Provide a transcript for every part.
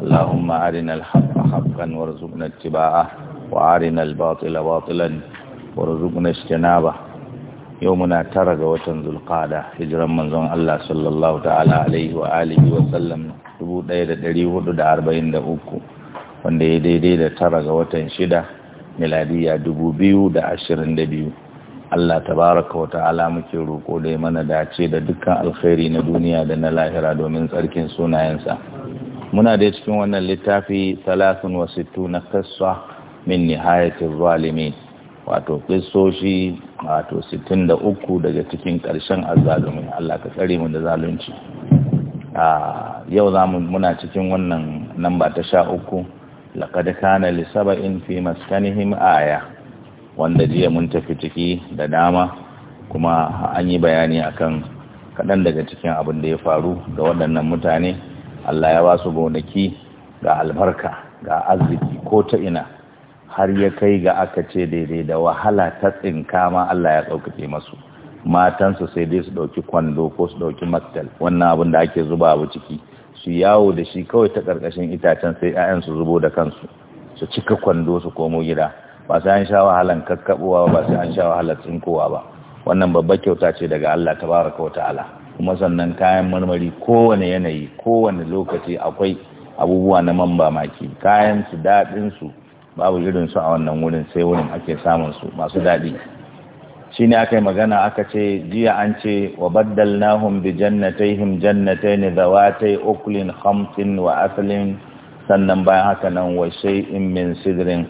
اللهم أرنا الحق حقا وارزقنا اتباعه وأرنا الباطل باطلا وارزقنا اجتنابه يومنا ترى وتنزل القادة هجرا من زون الله صلى الله تعالى عليه وآله وسلم تبود ليلة دريه دا أربعين دا أوكو wanda ya daidai da tara ga watan shida miladiya dubu biyu Allah tabaraka wa ta'ala muke roko da mana dace da dukkan alkhairi na duniya da na lahira domin tsarkin sunayensa muna da cikin wannan littafi salasun wasu na kassa min nihayatin zalimi wato kristoshi wato sittin da uku daga cikin ƙarshen azalumi Allah ka tsare mu da zalunci a yau mu muna cikin wannan namba ta sha uku laƙada kana lissaba in fi maskanihim aya wanda jiya mun tafi ciki da dama kuma an yi bayani akan kaɗan daga cikin abin da ya faru ga waɗannan mutane Allah ya ba su gonaki ga albarka ga arziki ko ta ina har ya kai ga aka ce daidai da wahala ta tsinka ma Allah ya ɗaukake masu matansu sai dai su ɗauki kwando ko su ɗauki maktal wannan abin da ake zuba abu ciki su yawo da shi kawai ta karkashin itacen sai 'ya'yan su zubo da kansu su cika kwando su komo gida ba sai an sha wahalan kakkaɓowa ba sai an sha wahalan tsinkowa ba wannan babbar kyauta ce daga Allah tabaraka wa ta'ala kuma sannan kayan marmari kowane yanayi kowane lokaci akwai abubuwa na man mamaki kayan su daɗin su babu irin su a wannan wurin sai wurin ake samun su masu daɗi ne aka yi magana aka ce jiya an ce wa baddalnahum bi ne da watai uklin khamsin wa asalin sannan bayan haka nan wa in min sidirin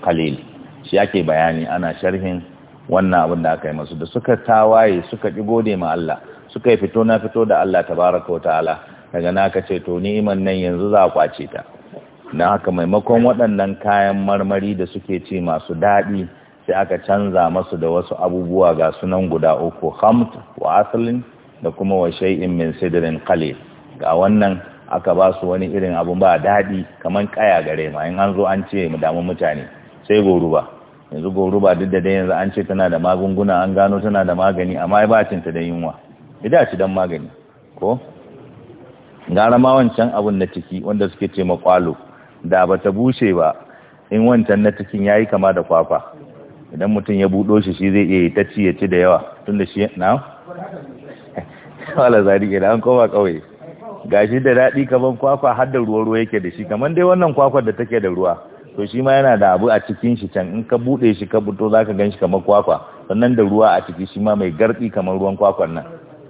shi ake bayani ana sharhin wannan abin da aka yi masu da suka tawaye suka ƙi gode ma Allah suka yi fito na fito da Allah tabaraka wa ta'ala daga naka ka ce to ni'imar nan yanzu za a kwace ta na haka maimakon waɗannan kayan marmari da suke ce masu daɗi sai aka canza masu da wasu abubuwa ga sunan guda uku hamt wa asalin da kuma wa shay'in min sidrin qalil ga wannan aka ba su wani irin abun ba daɗi kamar kaya gare ma in an zo an ce mu damu mutane sai goruba yanzu goruba duk da dai yanzu an ce tana da magunguna an gano tana da magani amma ba cinta da yunwa idan ci dan magani ko gara ma wancan abun na ciki wanda suke ce makwalo da ba ta bushe ba in wancan na cikin yayi kama da kwakwa idan mutum ya budo shi shi zai iya yi ya ci da yawa tunda shi na wala zari ke da an koma kawai gashi da daɗi kaman kwakwa har da ruwa-ruwa yake da shi kaman dai wannan kwakwar da take da ruwa to shi ma yana da abu a cikin shi can in ka buɗe shi ka buto za ka gan shi kamar kwakwa sannan da ruwa a ciki shi ma mai garɗi kamar ruwan kwakwan nan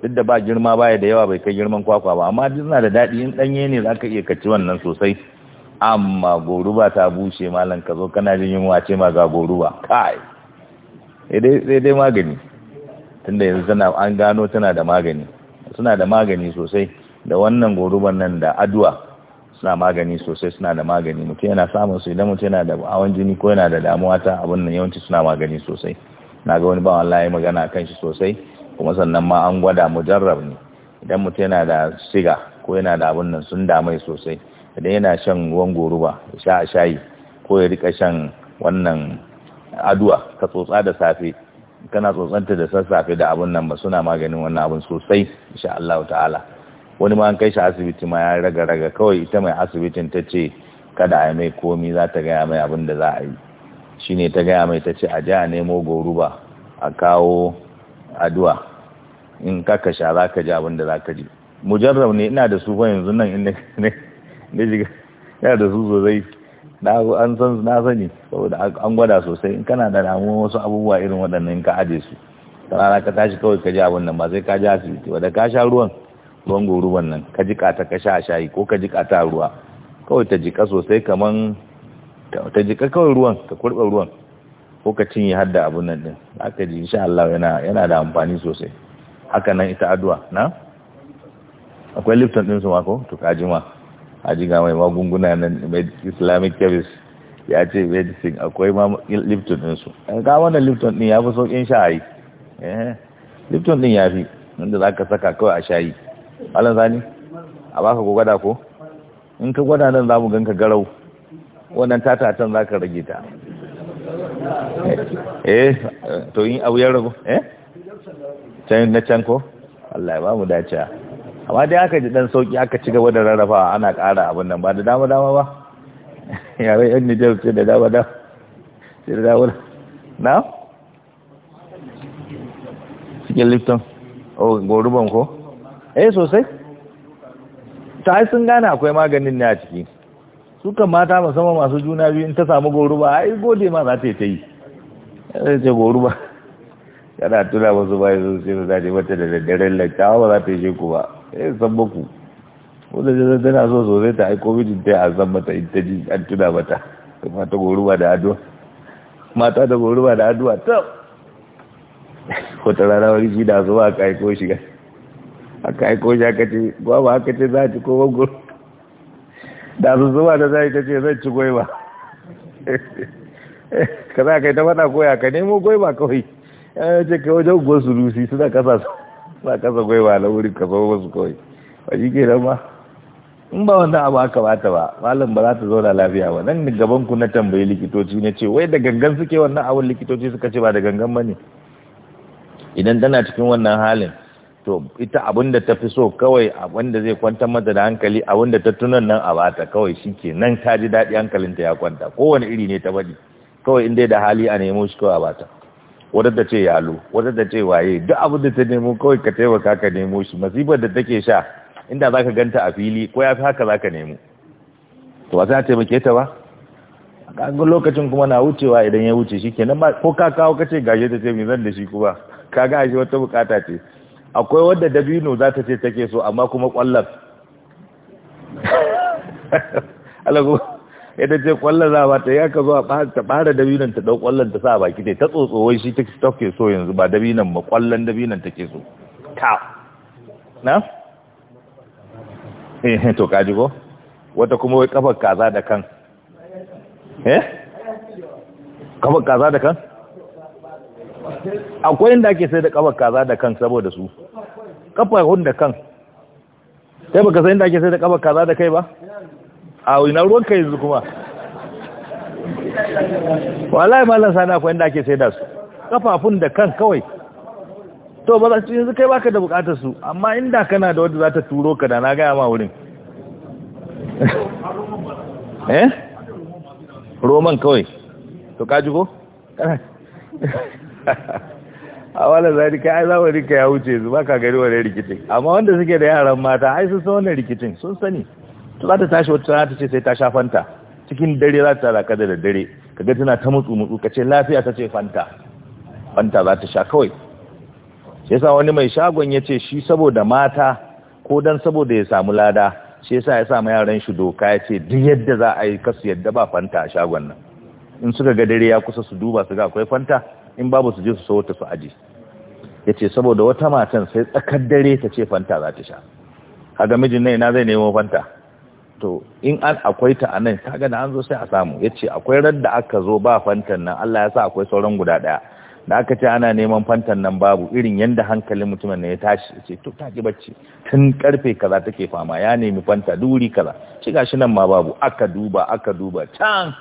duk da ba girma baya da yawa bai kai girman kwakwa ba amma duk na da daɗi in ɗanye ne za ka iya kaci wannan sosai amma goruba ta bushe malam ka zo kana jin yunwa ce ma ga goruba kai sai dai magani tunda yanzu tana an gano tana da magani suna da magani sosai da wannan goruban nan da aduwa suna magani sosai suna da magani mutum yana samun su idan mutum yana da hawan jini ko yana da damuwa ta abin nan yawanci suna magani sosai na ga wani bawan Allah magana kan shi sosai kuma sannan ma an gwada mujarrab ne idan mutum yana da shiga ko yana da abun nan sun damai sosai idan yana shan ruwan goruba ya sha a shayi ko ya rika shan wannan aduwa ka tsotsa da safe kana tsotsanta da sassafe da abun nan ba suna maganin wannan abun sosai insha Allah ta'ala wani ma an kai shi asibiti ma ya raga raga kawai ita mai asibitin ta ce kada a mai komi za ta gaya mai abin da za a yi shine ta gaya mai ta ce a ji a nemo goruba a kawo addu'a in ka kasha za ka ji abin da za ka ji mujarrab ne ina da su fa yanzu nan in ne shiga ina da su sosai na an san na sani saboda an gwada sosai in kana da damuwa wasu abubuwa irin waɗannan ka aje su rana ka tashi kawai ka ji abin nan ba sai ka ji asibiti ba da ka sha ruwan ruwan goruban nan ka jika ta ka sha shayi ko ka jika ta ruwa kawai ta jika sosai kaman ta jika kawai ruwan ka kurɓa ruwan ko ka cinye hadda abun nan din aka ji insha Allah yana yana da amfani sosai haka nan ita addu'a na akwai lifton din su ma ko to kaji ma aji ga mai magunguna nan Islamic chemist ya ce medicine akwai ma lifton din su eh, ga wannan lifton din ya fi saukin shayi eh lifton din ya fi wanda zaka saka kawai a shayi Allah zani a baka ko gada ko in ka gwada nan za mu ganka garau wannan tatatan zaka rage ta eh to yin abu ya ragu eh can na can ko Allah ya ba mu dace amma dai aka ji dan sauki aka ci gaba da rarrafa ana ƙara abin nan ba da dama dama ba yare yan Nijar ce da dama dama ce da dama na cikin Lipton oh goruban ko eh sosai ta sun gane akwai maganin ne a ciki sukan mata musamman masu juna biyu in ta samu goruba ai gode ma za ta yi ta yi zai ce goru ba yana tuna masu bayan sun sai su zaje mata da daddaren lantawa ba za ta yi ku ba sai eh, san baku wanda zai tana so sosai ta aiko mijin ta a san mata in ta ji an tuna mata mata ba da addu'a mata da ba da addu'a ta wata rana wani shi da ba aka aiko shi ga aka aiko shi aka ce gwaba aka ce za a ci da su zuwa da za a yi ta ce ci ka za ka yi ta faɗa koya ka nemo ba kawai ya ce ka wajen ugon rusi suna kasa na kasa ba na wuri ka zama wasu kawai ba shi ke ba in ba wannan abu aka bata ba malam ba za ta zauna lafiya ba nan gaban ku na tambayi likitoci na ce wai da gangan suke wannan abun likitoci suka ce ba da gangan ba ne idan tana cikin wannan halin to ita abin da ta fi so kawai abin da zai kwantar mata da hankali abin da ta tunan nan a bata kawai shi ke nan ta ji daɗi hankalinta ya kwanta kowane iri ne ta baɗi kawai inda da hali a nemo shi kawai bata wadanda ce yalo wadanda ce waye duk abin da ta nemo kawai ka taimaka ka nemo shi masifar da take sha inda zaka ganta a fili ko ya fi haka zaka nemo to ba za ta taimake ta ba kaga lokacin kuma na wucewa idan ya wuce shi kenan ba ko ka kawo kace gaje ta ce me zan da shi kuma kaga shi wata bukata ce akwai wadda dabino za ta ce take so amma kuma kwallon Yadda ce kwallon za ba ta ya ka zuwa ta bada dabinan ta dau kwallon ta sa baki ta ta tsotsowai shi ta ke so yanzu ba dabinan ma kwallon dabinan ta ke so ta na? eh to kaji ko wata kuma wai kafar kaza da kan eh kafar kaza da kan akwai inda ake sai da kafar kaza da kan saboda su kafar hun da kan sai baka sai inda ake sai da kafar kaza da kai ba a wina ruwanka yanzu kuma wallahi malam sani akwai inda ake sai da su kafafun da kan kawai to ba za su yanzu kai baka da bukatar su amma inda kana da wadda za ta turo ka da na gaya ma wurin eh roman kawai to kaji ko a wala zai kai ai zamanin kai ya wuce su baka gari wani rikicin amma wanda suke da yaran mata ai sun san wani rikicin sun sani zata za ta tashi wata rana ta ce sai ta sha fanta cikin dare za ta raka da daddare kaga tana ta mutsu mutsu kace lafiya ta ce fanta fanta za ta sha kawai shi yasa wani mai shagon ya ce shi saboda mata ko dan saboda ya samu lada shi yasa ya sa yaran shi doka ya ce duk yadda za a yi kasu yadda ba fanta a shagon nan in suka ga dare ya kusa su duba su ga akwai fanta in babu su je su so ta su aji ya ce saboda wata matan sai tsakar dare ta ce fanta za ta sha kaga mijin na zai nemo fanta to in an akwai ta a nan kaga da an zo sai a samu ya ce akwai da aka zo ba fantan nan Allah ya sa akwai sauran guda ɗaya da aka ce ana neman fantan nan babu irin yadda hankalin mutumin ne ya tashi ya ce to ta ki bacci tun karfe kaza take fama ya nemi fanta duri kaza ci gashi nan ma babu aka duba aka duba can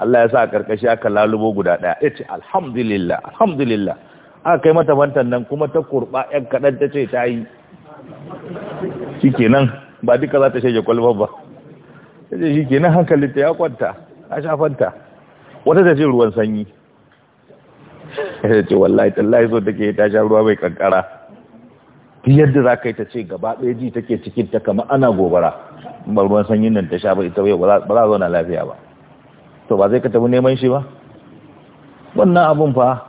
Allah ya sa a karkashi aka lalubo guda ɗaya ya ce alhamdulillah alhamdulillah aka kai mata fantan nan kuma ta kurɓa yan kaɗan ta ce ta yi shikenan ba duka za ta shege kwalbar ba ta ce shi kenan hankalinta ya kwanta a shafanta wata ta ce ruwan sanyi ta ce wallahi tallahi so take ta sha ruwa mai kankara ta yadda za ka yi ta ce gaba ɗaya ji take cikin ta kama ana gobara ba ruwan sanyin nan ta sha ba ita ba za a zauna lafiya ba to ba zai ka tafi neman shi ba wannan abun fa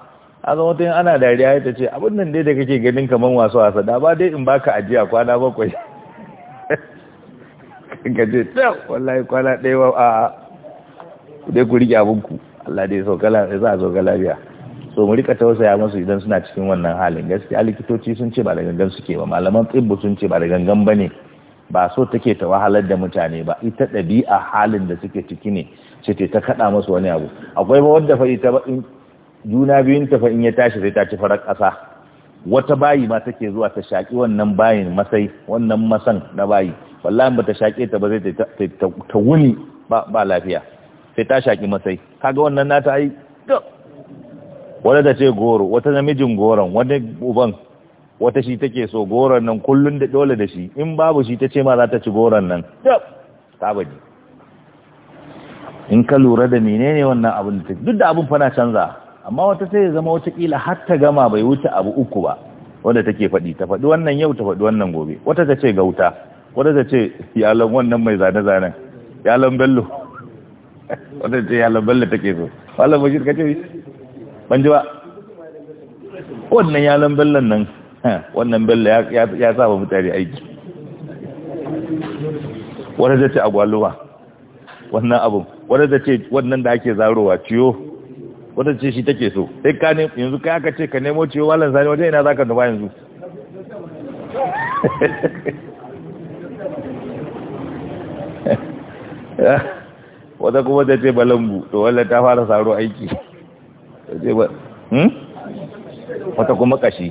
a zama ta yin ana dariya ya ta ce abin nan dai da kake ganin kamar wasu wasa da ba dai in baka ajiya kwana bakwai ka ce wallahi kwana ɗaya a dai ku rike abinku Allah dai sauka lafiya za a sauka lafiya so mu rika tausaya musu idan suna cikin wannan halin gaskiya likitoci sun ce ba da gangan suke ba malaman tsibbu sun ce ba da gangan ba ne ba so take ta wahalar da mutane ba ita ɗabi'a halin da suke ciki ne ce ta kaɗa masu wani abu akwai ba wadda fa ta ba in juna biyun ta fa ya tashi sai ta ci farar ƙasa wata bayi ma take zuwa ta shaƙi wannan bayin masai wannan masan na bayi wallahi ba ta shaƙe ta ba zai ta wuni ba lafiya sai ta shaƙi masai kaga wannan nata ai wadda ta ce goro wata namijin goron wani uban wata shi take so goron nan kullum da dole da shi in babu shi ta ce ma za ta ci goron nan ta baji in ka lura da menene wannan abin da take duk da abin fana canza amma wata sai ya zama wata kila har ta gama bai wuce abu uku ba wanda take faɗi ta faɗi wannan yau ta faɗi wannan gobe wata ta ce gauta wadda ta ce yalon wannan mai zane-zanen yalan bello wadda ce yalan bello ta ke so malam bashir ka ce ban ji ba wannan yalan bellon nan wannan bello ya saba mutane aiki wadda ta ce agwaluwa wannan abu wadda ta ce wannan da ake zarowa ciyo wadda ce shi take so sai ka ne yanzu kai aka ce ka nemo ciyo malam zane wajen ina za ka nufa yanzu wata kuma ta ce balambu to wadda ta fara saro aiki hmm? wata kuma kashi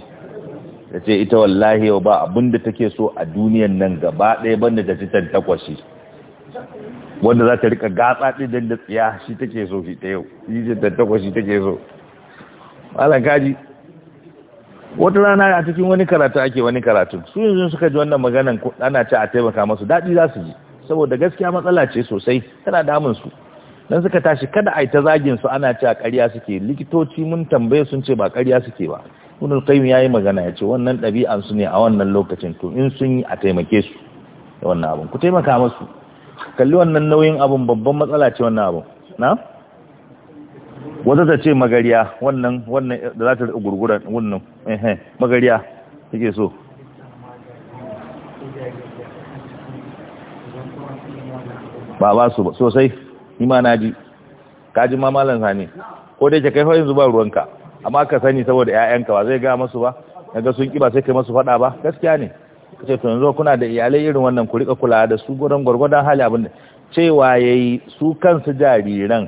ta ce ita wallahi yau ba abinda take so a duniyan nan gaba ɗaya banda ta ci takwashi wanda za ta rika gatsa ɗin da tsiya shi take so shi yau yi ce takwashi take so malam kaji wata rana a cikin wani karatu ake wani karatu su yanzu suka ji wannan maganan ana ce a taimaka masu daɗi za su ji saboda gaskiya matsala ce sosai tana damun su dan suka tashi kada ai ta zagin su ana cewa ƙarya suke likitoci mun tambaye sun ce ba ƙarya suke ba ibn al-qayyim yayi magana yace wannan ɗabi'an su ne a wannan lokacin to in sun yi a taimake su da wannan abun ku taimaka musu kalli wannan nauyin abun babban matsala ce wannan abun na wanda ta ce magariya wannan wannan da za ta gurgura wannan magariya take so ba ba su sosai ima na ji kaji ma malam sani ko dai ke kai hoyin yanzu ba ruwanka amma ka sani saboda ƴaƴanka ba zai ga masu ba kaga sun ki ba sai kai masu faɗa ba gaskiya ne kace to yanzu kuna da iyalai irin wannan ku rika kula da su gurin gurgurdan hali abin da cewa yayi su kansu jariran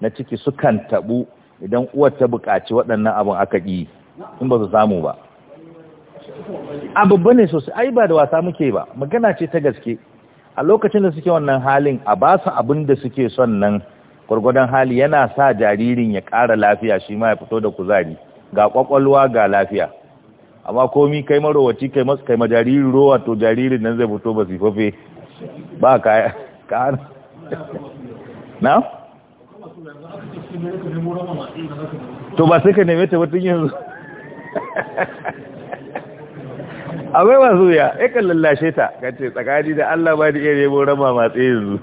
na ciki su kan tabu idan uwar ta buƙaci waɗannan abun aka ƙi in ba su samu ba a sosai ai ba da wasa muke ba magana ce ta gaske a lokacin da suke wannan halin a ba su abin da suke son nan gwargwadon hali yana sa jaririn ya ƙara lafiya shi ma ya fito da kuzari ga ƙwaƙwalwa ga lafiya amma komi kai marowaci kai masu kai majariri rowa to jaririn nan zai fito ba sifafe ba ka ka na? to ba sai ka neme ta batun yanzu akwai masu wuya ya kan lallashe ta kace ce tsakani da Allah ba da iya nemo rama matse yanzu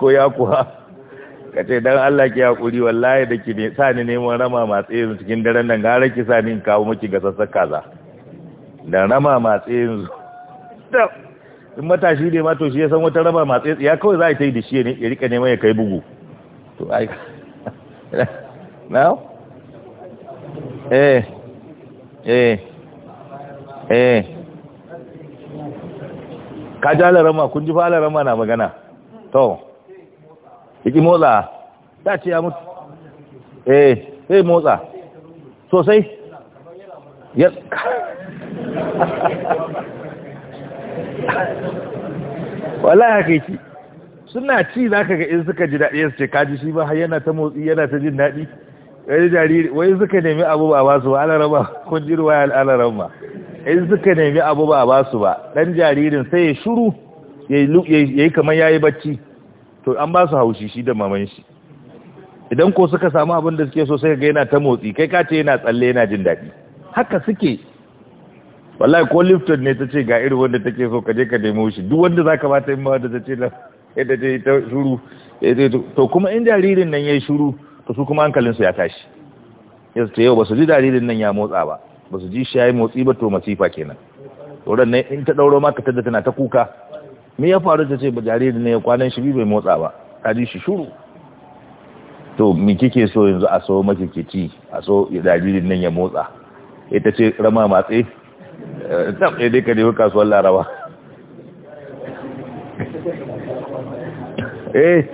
ko ya kuwa ka don Allah ki haƙuri wallahi da ki sa ni neman rama matse yanzu cikin daren nan gara ki sa ni in kawo miki ga sassan kaza da rama matse yanzu in matashi ne ma to shi ya san wata rama matse ya kawai za a ta yi da shi ne ya rika neman ya kai bugu to ai now eh eh eh ka ji alarama kun ji fa alarama na magana to iki motsa ta ce ya mutu eh sai motsa sosai ya wallahi haka yake suna ci zaka ga in suka ji daɗi su ce kaji shi ba har yana ta motsi yana ta jin daɗi wani jariri wai suka nemi abu ba ba su ba kun ji ruwa alarama in suka nemi abu ba ba ba dan jaririn sai ya shuru ya yi kamar ya yi bacci to an basu su haushi shi da maman shi idan ko suka samu abin da suke so sai ga yana ta motsi kai ka ce yana tsalle yana jin daɗi haka suke wallahi ko lifton ne ta ce ga irin wanda take so ka je ka nemo shi duk wanda za ka ba ta yi ma wanda ta ce yadda ta yi ta shuru to kuma in jaririn nan ya yi shuru to su kuma hankalinsu ya tashi ya yau ba su ji jaririn nan ya motsa ba ba su ji shi ya yi motsi ba to masifa kenan tsoron ne in ta ɗauro maka tadda tana ta kuka me ya faru ta ce ba jaririn na ya kwanan shi bai motsa ba ta ji shi shuru to mi kike so yanzu a so maki ke ci a so jaririn nan ya motsa ita ce rama matse eh, tam ɗaya dai ka nemi kasuwar laraba eh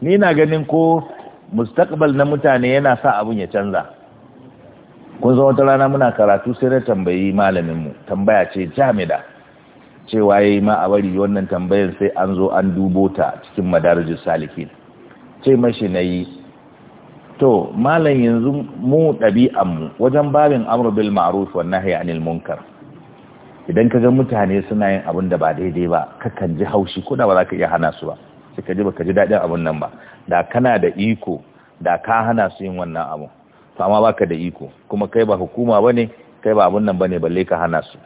ni na ganin ko mustaqbal na mutane yana sa abun ya canza kun zo wata rana muna karatu sai na tambayi malaminmu tambaya ce jami'a cewa yayi ma a bari wannan tambayar sai an zo an dubo ta cikin madarajin salikin ce mashi nayi to malam yanzu mu mu wajen babin Amurbil bil ma'ruf wan nahyi munkar idan ka ga mutane suna yin abin da ba daidai ba kan ji haushi ko da ba za ka iya hana su ba sai ka ji baka ji dadin abin nan ba da kana da iko da ka hana su yin wannan abu to amma baka da iko kuma kai ba hukuma bane kai ba abun nan bane balle ka hana su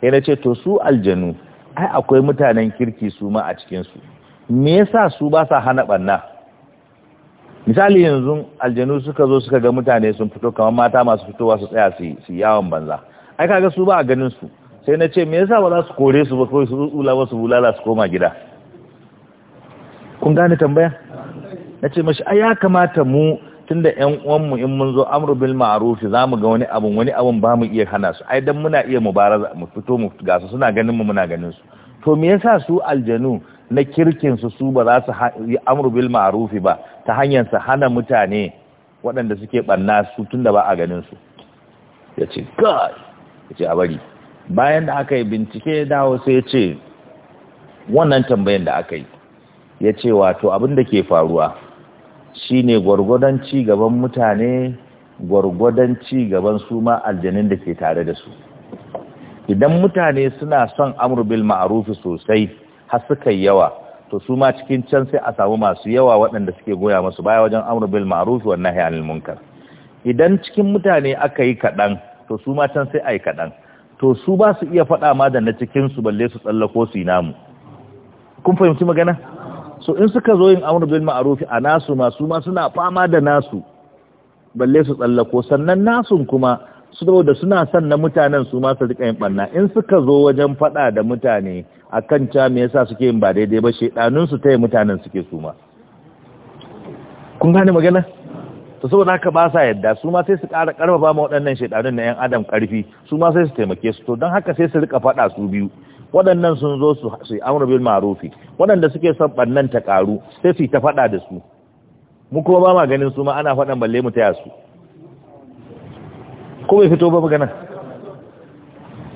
sai na ce to su aljanu ai akwai mutanen kirki su ma a cikin su me yasa su ba sa hana banna misali yanzu aljanu suka zo suka ga mutane sun fito kamar mata masu fitowa su tsaya su yawon banza ai kaga su ba a ganin su sai na ce me yasa ba za su kore su ba kawai su tsula ba su bulala su koma gida kun gane tambaya na ce mashi ai ya kamata mu tun da ƴan uwanmu in mun zo amru bil ma'ruf za mu ga wani abun wani abun ba mu iya hana su ai dan muna iya mubaraza mu fito mu ga su suna ganin mu muna ganin su to me yasa su aljanu na kirkin su su ba za su yi amru bil ma'ruf ba ta hanyar su hana mutane waɗanda suke banna su tun da ba a ganin su yace kai yace a bari bayan da aka yi bincike ya dawo sai ya ce wannan tambayan da aka yi ya ce wato abin da ke faruwa Shi ne gwargwadon cigaban mutane gwargwadon ci gaban su ma aljanin da ke tare da su idan mutane suna son Amurbil maarufi sosai har suka yawa to su ma cikin can sai a samu masu yawa waɗanda suke goya masu baya wajen Amurbil maarufi wannan wa munkar idan cikin mutane aka yi kaɗan to su ma can sai a yi kaɗan to su ba su iya faɗa ma da na cikinsu balle su tsallako su yi namu kun fahimci magana so in suka zo yin amur bil ma'ruf a nasu ma su ma suna fama da nasu balle su tsallako sannan nasun kuma su da suna son na mutanen su ma su rika yin banna in suka zo wajen fada da mutane akan ca me yasa suke yin ba daidai ba shedanun su yi mutanen suke su ma kun gane magana to saboda haka ba sa yadda su ma sai su ƙara ƙarfafa ma waɗannan shedanun na yan adam ƙarfi su ma sai su taimake su to don haka sai su rika fada su biyu waɗannan sun zo su sai amru bil ma'rufi waɗanda suke son bannan ta karu sai su ta faɗa da su mu kuma ba ma ganin su ma ana fadan balle mu taya su ko bai fito ba magana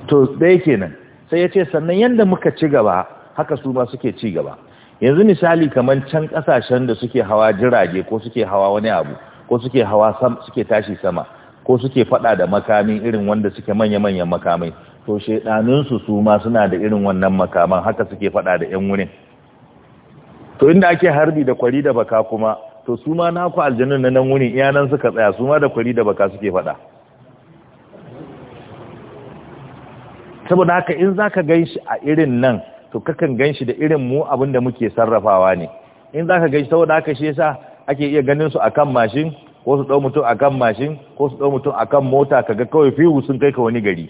to dai kenan sai ya ce sannan yanda muka ci gaba haka su ma suke ci gaba yanzu misali kamar can kasashen da suke hawa jirage ko suke hawa wani abu ko suke hawa suke tashi sama ko suke fada da makami irin wanda suke manya-manyan makamai to shaidaninsu su ma suna da irin wannan makaman haka suke fada da 'yan wurin to inda ake harbi da kwari da baka kuma to su ma naku aljanun na nan wurin iyanan suka tsaya su ma da kwari da baka suke fada saboda haka in za ka gan shi a irin nan to kakan gan shi da irin mu abin da muke sarrafawa ne in za ka gan shi saboda haka shi yasa ake iya ganin su akan mashin ko su ɗau mutum a kan mashin ko su ɗau mutum a kan mota kaga kawai fihu sun kai ka wani gari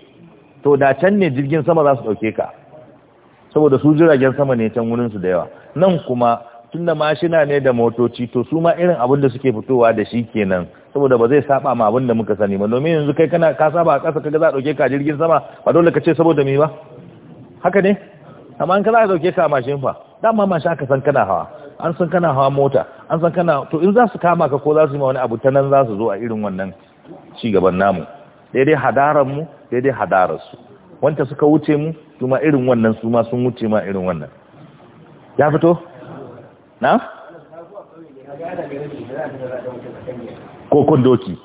to da can ne jirgin sama za su ɗauke ka saboda su jiragen sama ne can wurinsu da yawa nan kuma tun da mashina ne da motoci to su ma irin abin da suke fitowa da shi kenan saboda ba zai saba ma abin da muka sani ba domin yanzu kai kana ka saba a ƙasa kaga za a ɗauke ka jirgin sama ba dole ka ce saboda me ba haka ne amma in ka za a ɗauke ka a mashin fa dama mashin aka san kana hawa an san kana hawa mota an san kana to in za su kama ka ko za su yi ma wani abu ta nan za su zo a irin wannan ci gaban namu daidai hadaran mu daidai hadararsu. su wanda suka wuce mu su ma irin wannan su ma sun wuce ma irin wannan ya fito na ko kun doki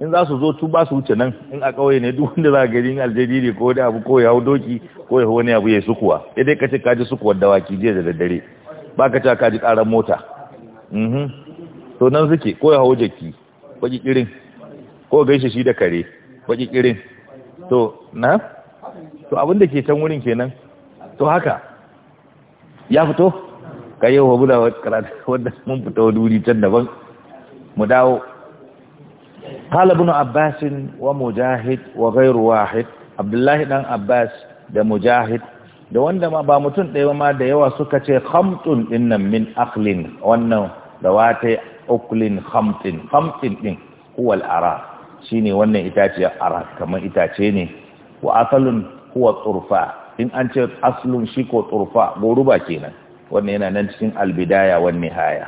in za su zo tu ba su wuce nan in a kawai ne duk wanda za ka gani aljeri ne ko wani abu ko ya hau doki ko ya wani abu ya sukuwa ya dai kace kaji sukuwar dawaki jiya da daddare ba ka cewa ka ji ƙarar mota mhm. to nan suke ko ya hau jaki baki kirin ko gaishe shi da kare baki kirin to na to abin da ke can wurin kenan to haka ya fito ka yi wa bula wadda mun fita wani wuri can daban mu dawo قال ابن عباس ومجاهد وغير واحد عبد الله بن عباس ده مجاهد da wanda ma ba mutum ɗaya ma da yawa suka ce ɗin nan min aklin wannan da wata uklin hamtin hamtin ɗin huwa ara ara shine wannan itace ara kamar itace ne wa asalin huwa tsurfa in an ce asalin shi ko turfa goruba kenan wannan yana nan cikin albidaya wani nihaya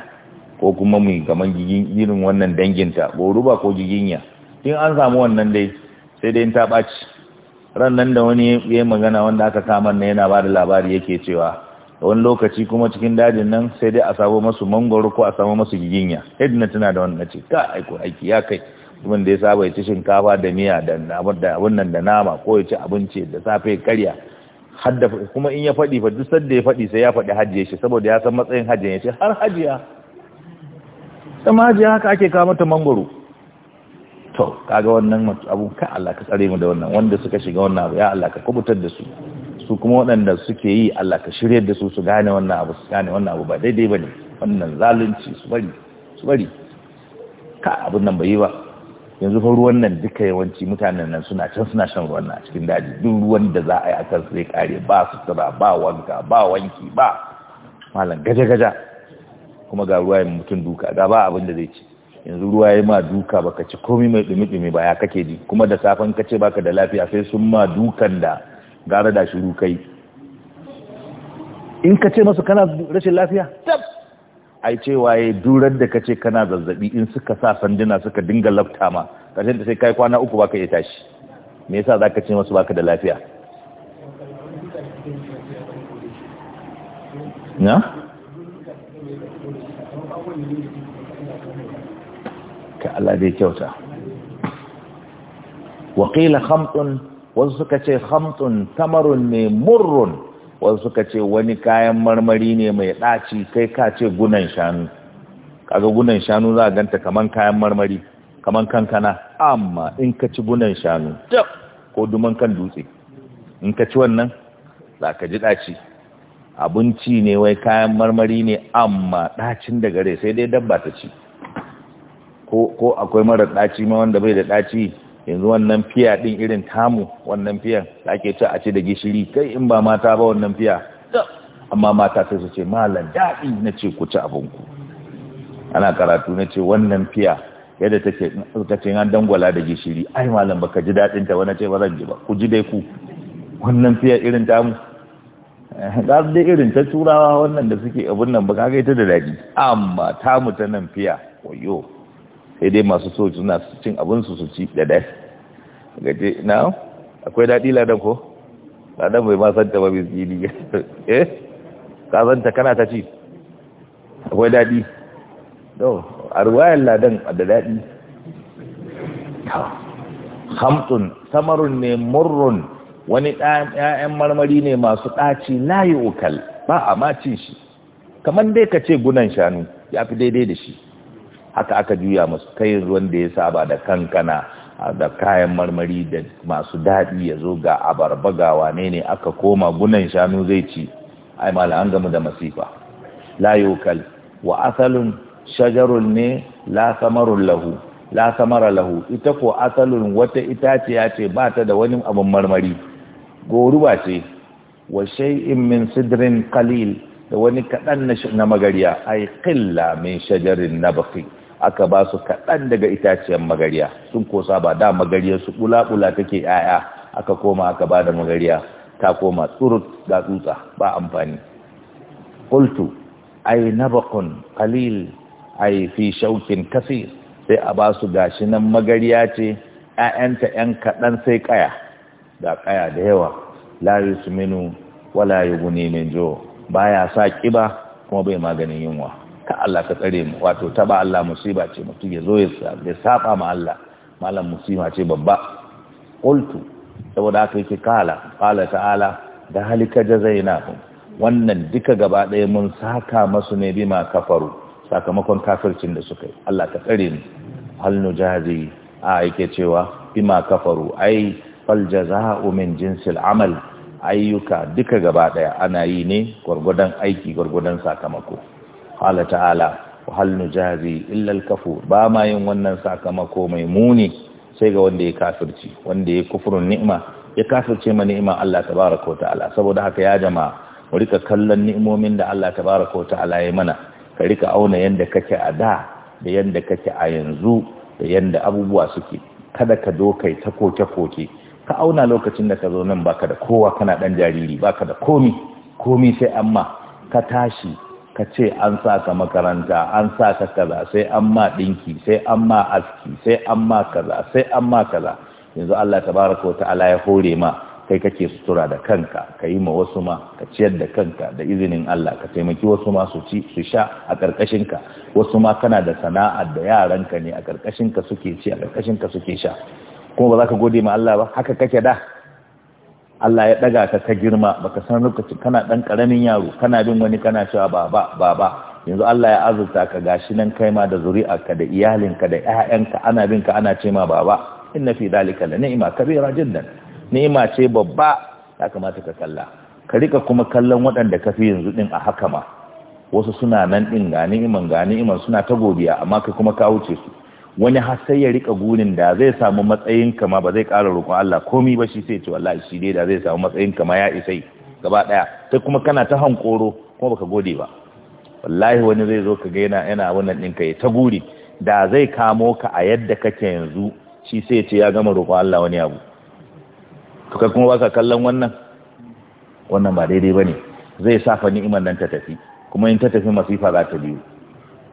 ko kuma mu gama irin wannan danginta goruba ko giginya in an samu wannan dai sai dai ta ɓaci ran nan da wani ya magana wanda aka kama na yana ba da labari yake cewa wani lokaci kuma cikin dajin nan sai dai a samu masu mangoro ko a samu masu giginya hidina tana da wannan ce ka aiko aiki ya kai mutumin da ya saba ya ci shinkafa da miya da abun nan da nama ko ya ci abinci da safe karya hadda kuma in ya faɗi fa duk sanda ya faɗi sai ya faɗi ya shi saboda ya san matsayin hajjiya ya ce har hajjiya sama hajjiya haka ake kawo mata mangoro to kaga wannan abun ka Allah ka tsare mu da wannan wanda suka shiga wannan abu ya Allah ka kubutar da su su kuma waɗanda suke yi Allah ka shirye da su su gane wannan abu su gane wannan abu ba daidai bane wannan zalunci su bari su bari ka abun nan bai yi ba yanzu fa ruwan nan duka yawanci mutanen nan suna can suna shan ruwan nan a cikin daji duk ruwan da za a yi a kan sai kare ba sutura ba wanka ba wanki ba malam gaja gaja kuma ga ruwa mutum duka ga ba abin da zai ci yanzu ruwa ya ma duka baka ci komai mai dumi-dumi ba ya kake ji kuma da safen kace baka da lafiya sai sun ma dukan da gara da shiru kai in ka ce masu kana rashin lafiya tab ai cewa ya durar da kace kana zazzabi in suka sa sanduna suka dinga lafta ma karshen da sai kai kwana uku baka iya tashi me yasa zaka ce masu baka da lafiya na ka Allah dai kyauta Wakila hamtun wasu suka ce khamtun tamarun ne murrun wasu suka ce wani kayan marmari ne mai ɗaci kai ka ce gunan shanu kaga gunan shanu za a ganta kaman kayan marmari kaman kankana amma in ka ci gunan shanu dab ko duman kan dutse in ka ci wannan za ka ji ɗaci abinci ne wai kayan marmari ne amma ɗacin da gare sai dai dabba ta ci ko akwai mara ɗaci ma wanda bai da ɗaci yanzu wannan fiya ɗin irin tamu wannan fiyan da ake ci a ci da gishiri kai in ba mata ba wannan fiya amma mata sai su ce malam daɗi na ce ku ci abinku ana karatu na ce wannan fiya yadda take ta ce an dangwala da gishiri ai malam baka ji daɗin ta wani ce ba zan ji ba ku ji dai ku wannan fiya irin tamu eh, za su dai irin ta turawa wannan da suke abun nan ba ka ga ita da daɗi amma tamu ta nan fiya wayo sai dai masu so suna cin abinsu su ci da dai gaje na akwai daɗi ladan ko ladan bai ma ta ba biskini eh ka ta kana ta ci akwai daɗi no a ruwayan ladan da daɗi hamtun samarun ne murrun wani ɗayan marmari ne masu ɗaci layi ukal ba a macin shi kamar dai ka ce gunan shanu ya fi daidai da shi haka aka juya masu kai ruwan da ya saba da kankana da kayan marmari da masu daɗi ya zo ga abarba ga wane ne aka koma gunan shanu zai ci ai mala an gamu da masifa la yukal wa asalin shajarun ne la samarun lahu la samara lahu ita ko asalin wata itaciya ce ba ta da wani abun marmari goruba ce wa shay'in min sidrin qalil da wani kaɗan na magariya ai qilla min shajarin nabqi aka ba su kaɗan daga itaciyar magariya sun kosa ba da magariyar su ɓula-ɓula take ‘ya'ya aka koma aka ba da magariya ta koma tsurut ga tsutsa ba amfani ƙultu ai nabakon kalil ai fi shaukin kasi sai a ba su gashi nan magariya ce ‘ya'yanta ‘yan kaɗan sai ƙaya da ƙaya da yawa lari su minu wala yi guni min jo ya sa ƙiba kuma bai maganin yunwa ka Allah ka tsare mu wato taba Allah musiba ce mutu ya zo ya saba ma Allah malam musiba ce babba qultu saboda haka yake kala kala ta'ala da halika jazainahum wannan duka gaba ɗaya mun saka masu ne bima kafaru sakamakon kafircin da suka yi Allah ka tsare mu hal nujazi a yake cewa bima kafaru ai fal jazaa'u min jinsil amal ayyuka duka gaba ɗaya ana yi ne gwargwadon aiki gwargwadon sakamako qala ta'ala wa hal nujazi illa al-kafur ba ma yin wannan sakamako mai muni sai ga wanda ya kafirci wanda ya kufurun ni'ima ya kafirce ma ni'ima Allah tabaaraka wa ta'ala saboda haka ya jama'a mu rika kallon ni'imomin da Allah tabaaraka wa ta'ala ya mana ka rika auna yanda kake a da da yanda kake a yanzu da yanda abubuwa suke kada ka zo ta koke koke ka auna lokacin da ka zo nan baka da kowa kana dan jariri baka da komi komi sai amma ka tashi ka ce an sa ka makaranta an sa ka kaza sai an ma ɗinki sai an ma aski sai an ma kaza sai an ma kaza yanzu Allah tabaraka wa ta'ala ya hore ma kai kake sutura da kanka ka yi ma wasu ma ka ciyar da kanka da izinin Allah ka taimaki wasu ma su ci su sha a ka wasu ma kana da sana'ar da yaranka ne a ka suke ci a ka suke sha kuma ba za ka gode ma Allah ba haka kake da Allah ya ɗaga ka ka girma baka san lokaci kana ɗan ƙaramin yaro kana bin wani kana cewa baba baba yanzu Allah ya azurta ka gashi nan kai ma da zuri'arka da iyalinka da ƴaƴanka ana bin ka ana ce ma baba inna fi dalika la ni'ma kabira jiddan ni'ma ce babba ya kamata ka kalla ka rika kuma kallon waɗanda ka fi yanzu din a haka ma wasu suna nan din ga ni'man ga ni'man suna ta godiya amma kai kuma ka wuce su wani har sai ya rika gurin da zai samu matsayin kama ba zai ƙara roƙon Allah komai ba shi sai ce wallahi shi dai da zai samu matsayin kama ya isa gaba ɗaya sai kuma kana ta hankoro kuma baka gode ba wallahi wani zai zo ka ga yana yana wannan ɗinka ya ta guri da zai kamo ka a yadda kake yanzu shi sai ce ya gama roƙon Allah wani abu to kai kuma baka kallon wannan wannan ba daidai bane zai safa ni'imar nan ta tafi kuma in ta tafi masifa za ta biyu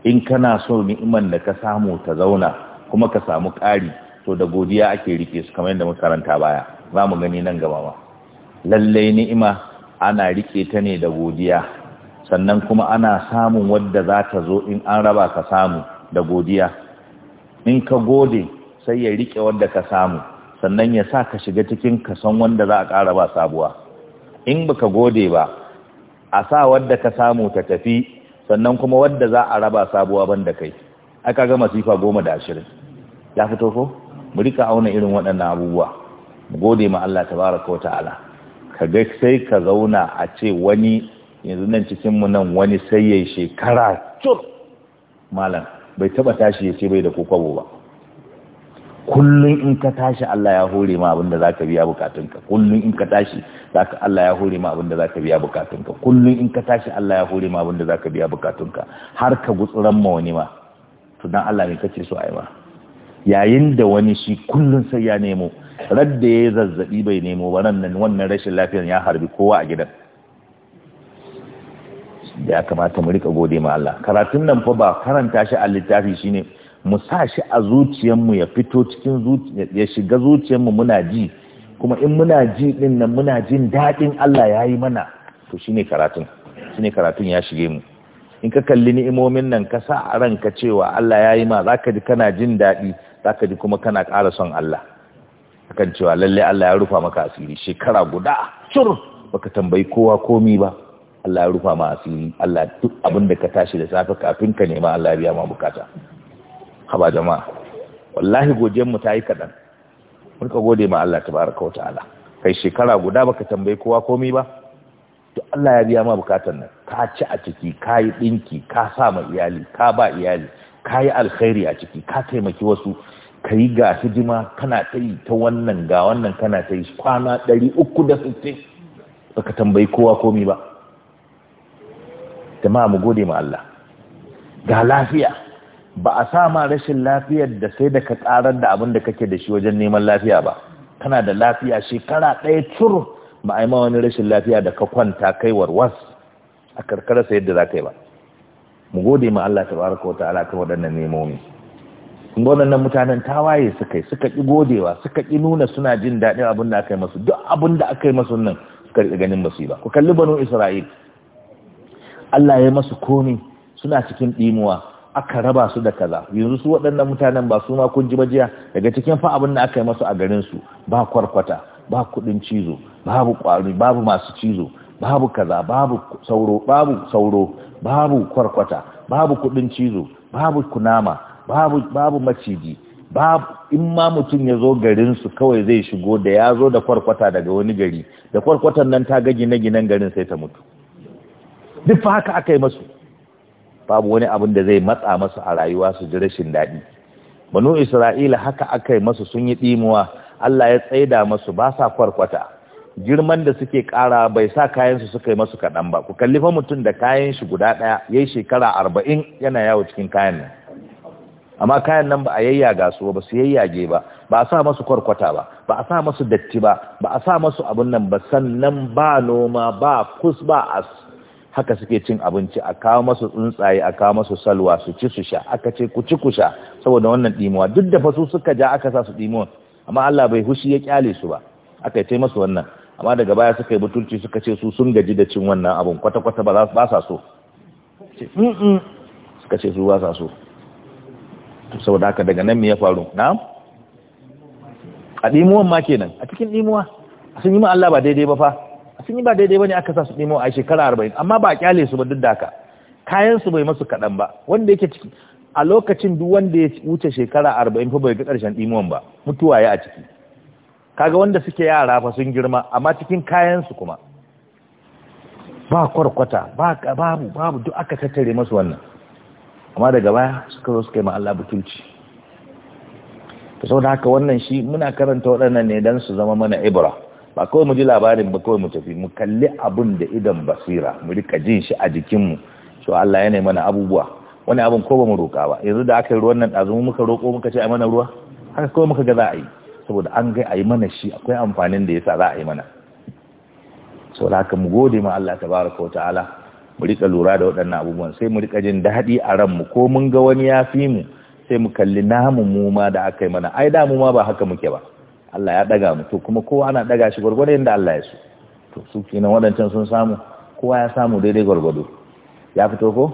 in kana so ni'iman da ka samu ta zauna kuma ka samu ƙari to da godiya ake rike su kamar yadda makaranta baya za mu gani nan gaba ma lallai ni'ima ana rike ta ne da godiya sannan kuma ana samun wadda za ta zo in an raba ka samu da godiya in ka gode sai ya rike wadda ka samu sannan ya sa ka shiga cikin san wanda za a ƙara ba sabuwa in baka gode ba a sa wadda ka samu ta tafi sannan kuma wadda za a raba sabuwa banda kai aka ga masifa goma da ashirin ya fito ko mu rika auna irin waɗannan abubuwa mu gode ma Allah tabaraka wa ta'ala ka ga sai ka zauna a ce wani yanzu nan cikin mu nan wani sai yayi shekara cur malam bai taba tashi ya ce bai da kokobo ba kullum in ka tashi Allah ya hore ma abin da zaka biya bukatunka kullum in ka tashi zaka Allah ya hore ma abin da zaka biya bukatunka kullum in ka tashi Allah ya hore ma abin da zaka biya bukatunka har ka gutsuran ma wani ma to dan Allah ne kace so ai ma yayin da wani shi kullum sai ya nemo radda ya zazzabi bai nemo ba nan wannan rashin lafiyar ya harbi kowa a gidan da ya kamata mu rika gode ma Allah karatun nan fa ba karanta shi a littafi shine mu sa shi a zuciyarmu ya fito cikin ya shiga mu muna ji kuma in muna ji din nan muna jin daɗin Allah ya yi mana to shine karatun shine karatun ya shige mu in ka kalli ni'imomin nan ka sa a ranka cewa Allah ya yi ma za ji kana jin daɗi za ka ji kuma kana ƙara son Allah akan cewa lalle Allah ya rufa maka asiri shekara guda shur baka tambayi kowa komi ba Allah ya rufa ma asiri Allah duk abin da ka tashi da safe kafin ka nema Allah ya biya ma bukata haba jama'a wallahi godiyar mu ta yi kaɗan mun ka gode ma Allah tabaraka wa ta'ala kai shekara guda baka tambayi kowa komai ba to Allah ya biya ma bukatan nan ka ci a ciki ka yi dinki ka sa ma iyali ka ba iyali ka yi alkhairi a ciki ka taimaki wasu ka yi ga hidima kana ta yi ta wannan ga wannan kana ta yi kwana ɗari uku da sittin baka tambayi kowa komai ba jama'a mu gode ma Allah ga lafiya ba a sa ma rashin lafiyar da sai da ka karar da abin da kake da shi wajen neman lafiya ba kana da lafiya shekara ɗaya cur ba a yi ma wani rashin lafiya da ka kwanta kai warwas a karkara sai yadda za ka yi ba mu gode ma Allah tabaraka wata'ala kan waɗannan nemomi kun ga waɗannan mutanen tawaye suka yi suka ƙi godewa suka ƙi nuna suna jin daɗin abin da aka yi masu duk abin da aka yi masu nan suka riƙa ganin basu ba ku kalli banu isra'il Allah ya yi masu komi suna cikin ɗimuwa aka raba su da kaza yanzu su waɗannan mutanen ba su ma kun ji bajiya daga cikin fa abin da aka yi masu a garin su ba kwarkwata ba kuɗin cizo babu kwari babu masu cizo babu kaza babu sauro babu sauro babu kwarkwata babu kuɗin cizo babu kunama babu babu maciji babu in ma mutum ya zo garin su kawai zai shigo da ya zo da kwarkwata daga wani gari da kwarkwatan nan ta ga gine-ginen garin sai ta mutu duk fa haka aka yi masu babu wani abin da zai matsa masu a rayuwa su ji rashin daɗi banu isra'ila haka aka yi masu sun yi ɗimuwa allah ya tsaida masu ba sa kwarkwata girman da suke ƙara bai sa kayansu suka yi masu kaɗan ba ku kalli fa mutum da kayan shi guda ɗaya ya yi shekara arba'in yana yawo cikin kayan nan amma kayan nan ba a yayya ga su ba su yayyage ba ba a sa masu kwarkwata ba ba a sa masu datti ba ba a sa masu abun nan ba sannan ba noma ba kus ba as haka suke cin abinci a kawo masu tsuntsaye a kawo masu salwa su ci su sha aka ce ku ci ku sha saboda wannan dimuwa duk da fasu suka ja aka sa su dimuwa amma Allah bai hushi ya kyale su ba aka ce masu wannan amma daga baya suka yi butulci suka ce su sun gaji da cin wannan abun kwata kwata ba ba sa so suka ce su ba sa so saboda haka daga nan me ya faru na'am a dimuwan ma kenan a cikin dimuwa sun yi ma Allah ba daidai ba fa sun yi ba daidai bane aka sa su nemo a shekara arba'in, amma ba kyale su ba duk da haka kayan su bai masu kadan ba wanda yake ciki a lokacin duk wanda ya wuce shekara 40 fa bai ga karshen dimon ba mutuwa ya a ciki kaga wanda suke yara fa sun girma amma cikin kayan su kuma ba kwarkwata ba babu babu duk aka tattare masu wannan amma daga baya suka zo suka yi ma'alla Allah butulci to saboda haka wannan shi muna karanta waɗannan ne don su zama mana ibra ba kawai mu ji labarin ba kawai mu tafi mu kalli abun da idan basira mu rika jin shi a jikinmu to Allah ya mana abubuwa wani abun ko ba mu roƙa ba yanzu da aka yi ruwan nan ɗazu muka roko muka ce a mana ruwa haka kawai muka ga za a yi saboda an ga a yi mana shi akwai amfanin da yasa za a yi mana da haka mu gode ma Allah tabaraka wa ta'ala mu rika lura da waɗannan abubuwan sai mu rika jin daɗi a ranmu ko mun ga wani ya fi mu sai mu kalli namu mu ma da aka yi mana ai da mu ma ba haka muke ba Allah ya daga mu to kuma kowa ana daga shi gwargwado yadda Allah ya so to su kenan wadancan sun samu kowa ya samu daidai gwargwado ya fito ko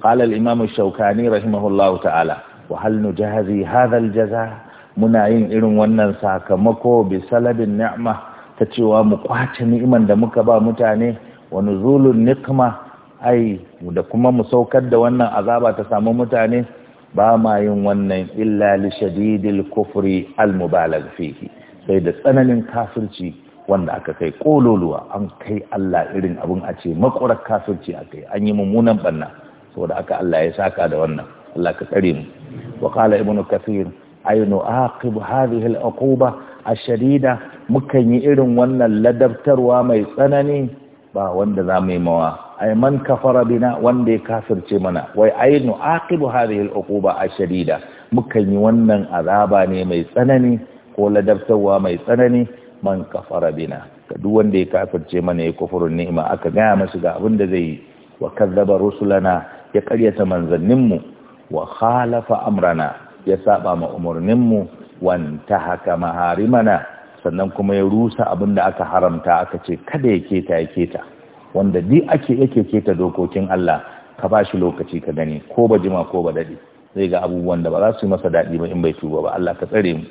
qala al imam shawkani rahimahullahu ta'ala wa hal nujahizi hadha al jaza muna yin irin wannan sakamako bi salabin ni'ma ta cewa mu kwace ni'iman da muka ba mutane wa nuzulun nikma ai da kuma mu saukar da wannan azaba ta samu mutane ba ma yin wannan illa li shadidil kufri al mubalagh fihi sai da tsananin kafirci wanda aka kai kololuwa an kai Allah irin abin a ce makurar kafirci a kai an yi mummunan banna saboda aka Allah ya saka da wannan Allah ka tsare mu wa qala ibnu kathir ay nu'aqib hadhihi al ash-shadida mukan yi irin wannan ladabtarwa mai tsanani ba wanda za mu yi mawa ay man kafara bina wanda ya kafirce mana wai ay nu'aqib hadhihi al ash-shadida mukan yi wannan azaba ne mai tsanani ko ladabtarwa mai tsanani man kafara bina ka duk wanda ya kafirce mana ya kufurin ni'ima aka gaya masu ga abin da zai yi wa kazzaba rusulana ya karyata mu wa khalafa amrana ya saba ma mu wanta haka maharimana sannan kuma ya rusa abin da aka haramta aka ce kada ya keta ya keta wanda duk ake yake keta dokokin Allah ka ba shi lokaci ka gani ko ba jima ko ba dadi zai ga abubuwan da ba za su yi masa daɗi ba in bai tuba ba Allah ka tsare mu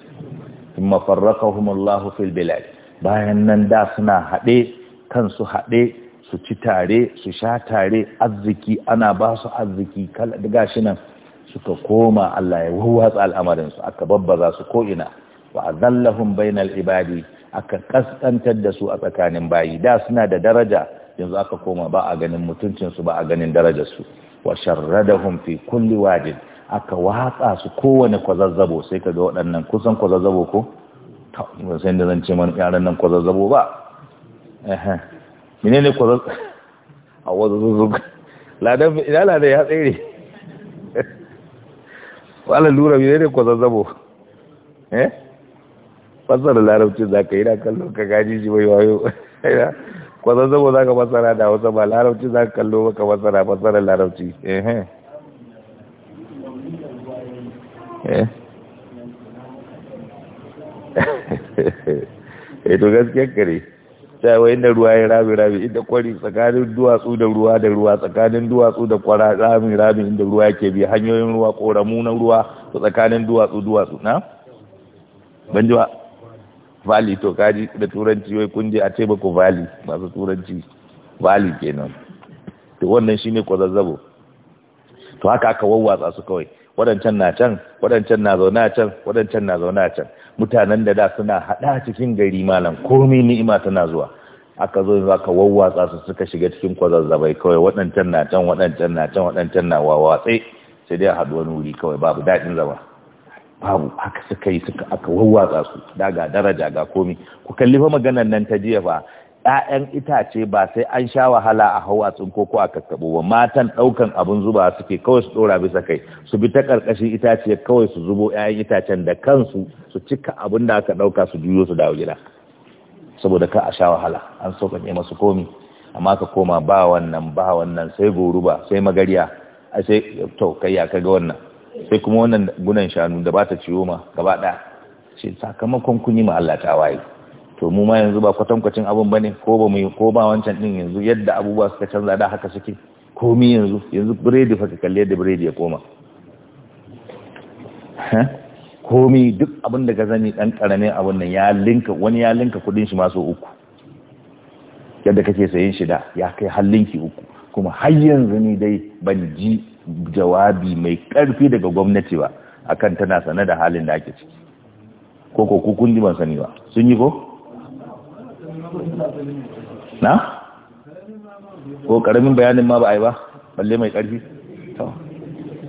thumma farraqahum Allah fil bilad bayan nan da suna haɗe kansu haɗe su ci tare su sha tare arziki ana ba su arziki kala daga shi nan suka koma Allah ya wawwatsa al'amarin su aka babbaza su ko ina wa azallahum bainal ibadi aka kaskantar da su a tsakanin bayi da suna da daraja yanzu aka koma ba a ganin mutuncinsu ba a ganin darajarsu wa sharradahum fi kulli wadin aka watsa su kowane kwazazzabo sai ka ga waɗannan kusan kwazazzabo ko ta sai da zan ce man yaran nan kwazazzabo ba ehe mene ne kwazazzabo a wazazzabo ladan ina da ya tsere wala lura mene ne kwazazzabo eh fasara larabci za ka yi na kallo ka gaji shi mai wayo kwazazzabo za ka fasara da wasa ba larabci za ka kallo ka fasara fasara larabci eh Eh. eh to gaskiyar kare cewa inda ruwa ya rabi rabi inda kwari tsakanin duwatsu da ruwa da ruwa tsakanin duwatsu da kwara rami rami inda ruwa yake bi hanyoyin ruwa koramu na ruwa to tsakanin duwatsu duwatsu na ban jiwa vali to kaji da turanci wai kun je a ce ku valley masu turanci vali kenan to wannan shine kwazazzabo to haka aka wawwatsa su kawai waɗancan na can waɗancan na zaune a can waɗancan na zaune a can mutanen da da suna haɗa cikin gari malam komai ni'ima tana zuwa aka zo yanzu aka wawwatsa su suka shiga cikin kwazazzabai kawai waɗancan na can waɗancan na can waɗancan na wawatse sai dai a haɗu wani wuri kawai babu daɗin zama babu haka suka yi suka aka wawwatsa su daga daraja ga komi ku kalli fa maganar nan ta jiya fa ‘ya'yan itace ba sai an sha wahala a hau a tsinko ko a kakkaɓo ba matan ɗaukan abin zuba suke kawai su ɗora bisa kai su bi ta ƙarƙashin itace kawai su zubo ‘ya'yan itacen da kansu su cika abin da aka ɗauka su juyo su dawo gida saboda ka a sha wahala an sauƙaƙe masu komi amma ka koma ba wannan ba wannan sai goru ba, sai magariya a sai to kai ya kaga wannan sai kuma wannan gunan shanu da ba ta ciwo ma gaba ɗaya ce sakamakon kun yi ma Allah ta waye to mu ma yanzu ba kwatankwacin abin bane ko ba mu ko ba wancan din yanzu yadda abubuwa suka canza da haka suke komi yanzu yanzu biredi fa ka kalle da biredi ya koma komi duk abin da ka zani dan karamin abin nan ya linka wani ya linka kudin shi maso uku yadda kake sayin shi da ya kai har linki uku kuma har yanzu ni dai ban ji jawabi mai karfi daga gwamnati ba akan tana sane da halin da ake ciki ko ko ku kun ji ban sani ba sun yi ko na? ko karamin bayanin ma ba a yi ba balle mai karfi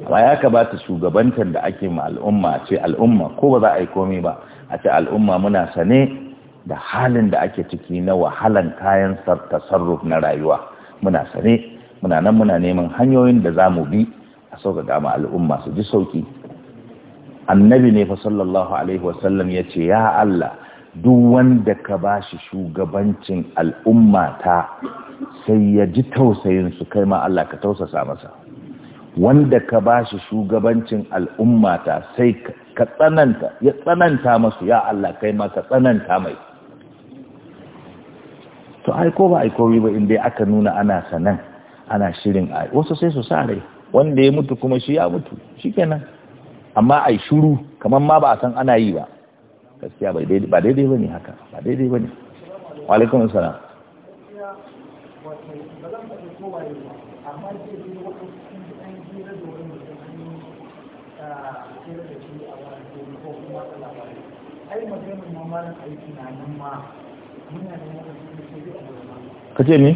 ba ya ta shugabantar da ake ma al'umma ce al'umma ko ba za a yi komai ba a ce al'umma muna sane da halin da ake ciki na wahalan kayan tasarruf na rayuwa muna sane muna nan muna neman hanyoyin da za mu bi a sauƙaƙa ma al'umma su ji sauki annabi ne fa sallallahu alaihi wasallam ya ce ya Allah duk wanda ka ba shi shugabancin al'umma ta sai ya ji tausayin su kai ma Allah ka tausasa masa wanda ka ba shi shugabancin al'umma ta sai ka tsananta ya tsananta masu ya Allah kai ma ka tsananta mai to aiko ba aiko ba inda aka nuna ana sanan ana shirin a wasu sai su sa rai wanda ya mutu kuma shi ya mutu shi kenan amma ai shuru kamar ma ba a san ana yi ba gaskiya ba daidai ba ne haka ba daidai ba ne walaikun sana ka ce ne?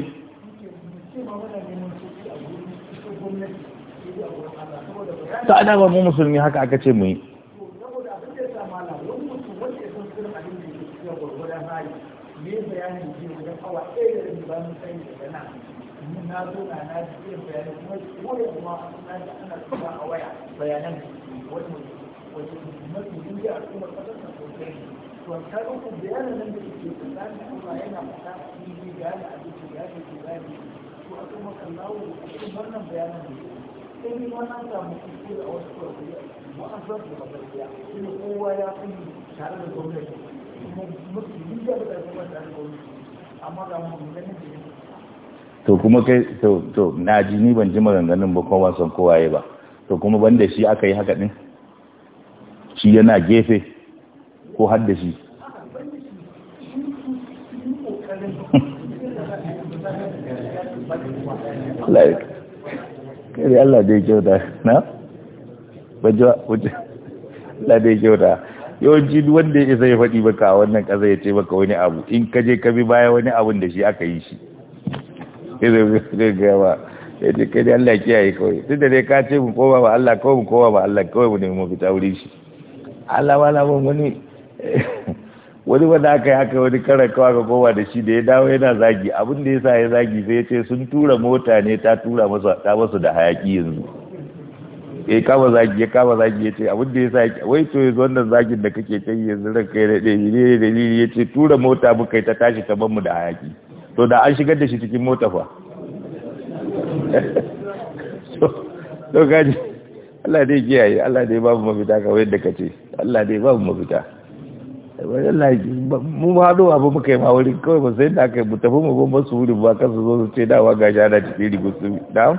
ta ana mu musulmi haka aka ce mu yi bayani da ke wajen awa ɗaya da riba mun sani da sana na zo na na ji irin bayanan kuma wani kuma na ji ana tura a waya bayanan da ke wani wajen mafi yin da al'ummar na sosai to ta uku bayanan nan da ke tsakanin Allah yana faɗa a fili da yana a cikin ya ce ke bayani to a kuma kallawo da cikin wannan bayanan da ke sai ni wannan da mu ke da wasu kwarfi wa'azar da ba gaskiya shi kowa ya fi tare da gwamnati to kuma kai to to na ji ni ban ji maganganun ba kuma ban san kowaye ba to kuma banda shi aka yi haka din shi yana gefe ko har kai Allah dai kyauta na wajen wajen Allah dai kyauta yawanci wanda ya isa ya faɗi baka a wannan ƙasa ya ce baka wani abu in ka je ka bi baya wani abun da shi aka yi shi zai ba ce kai Allah dai koma ba Allah koma ba Allah kawai mu shi wani wani wanda aka yi haka wani karan kawa ga kowa da shi da ya dawo yana zagi abinda da ya sa ya zagi sai ya ce sun tura mota ne ta tura masu da hayaki yanzu ya kama zagi ya kama zagi ya ce abin da ya sa wai to yanzu wannan zagin da kake ta yi yanzu ranka ya daɗe ne da dalili ya ce tura mota muka yi ta tashi ta banmu da hayaki to da an shigar da shi cikin mota fa to gaji Allah dai kiyaye Allah dai babu mafita ka wayar da kace Allah dai babu mafita wallahi mu ba do abu muka yi ma wurin kawai ba sai da kai mu tafi mu ba su wuri ba kasu zo su ce dawa ga jana cikin rigusu da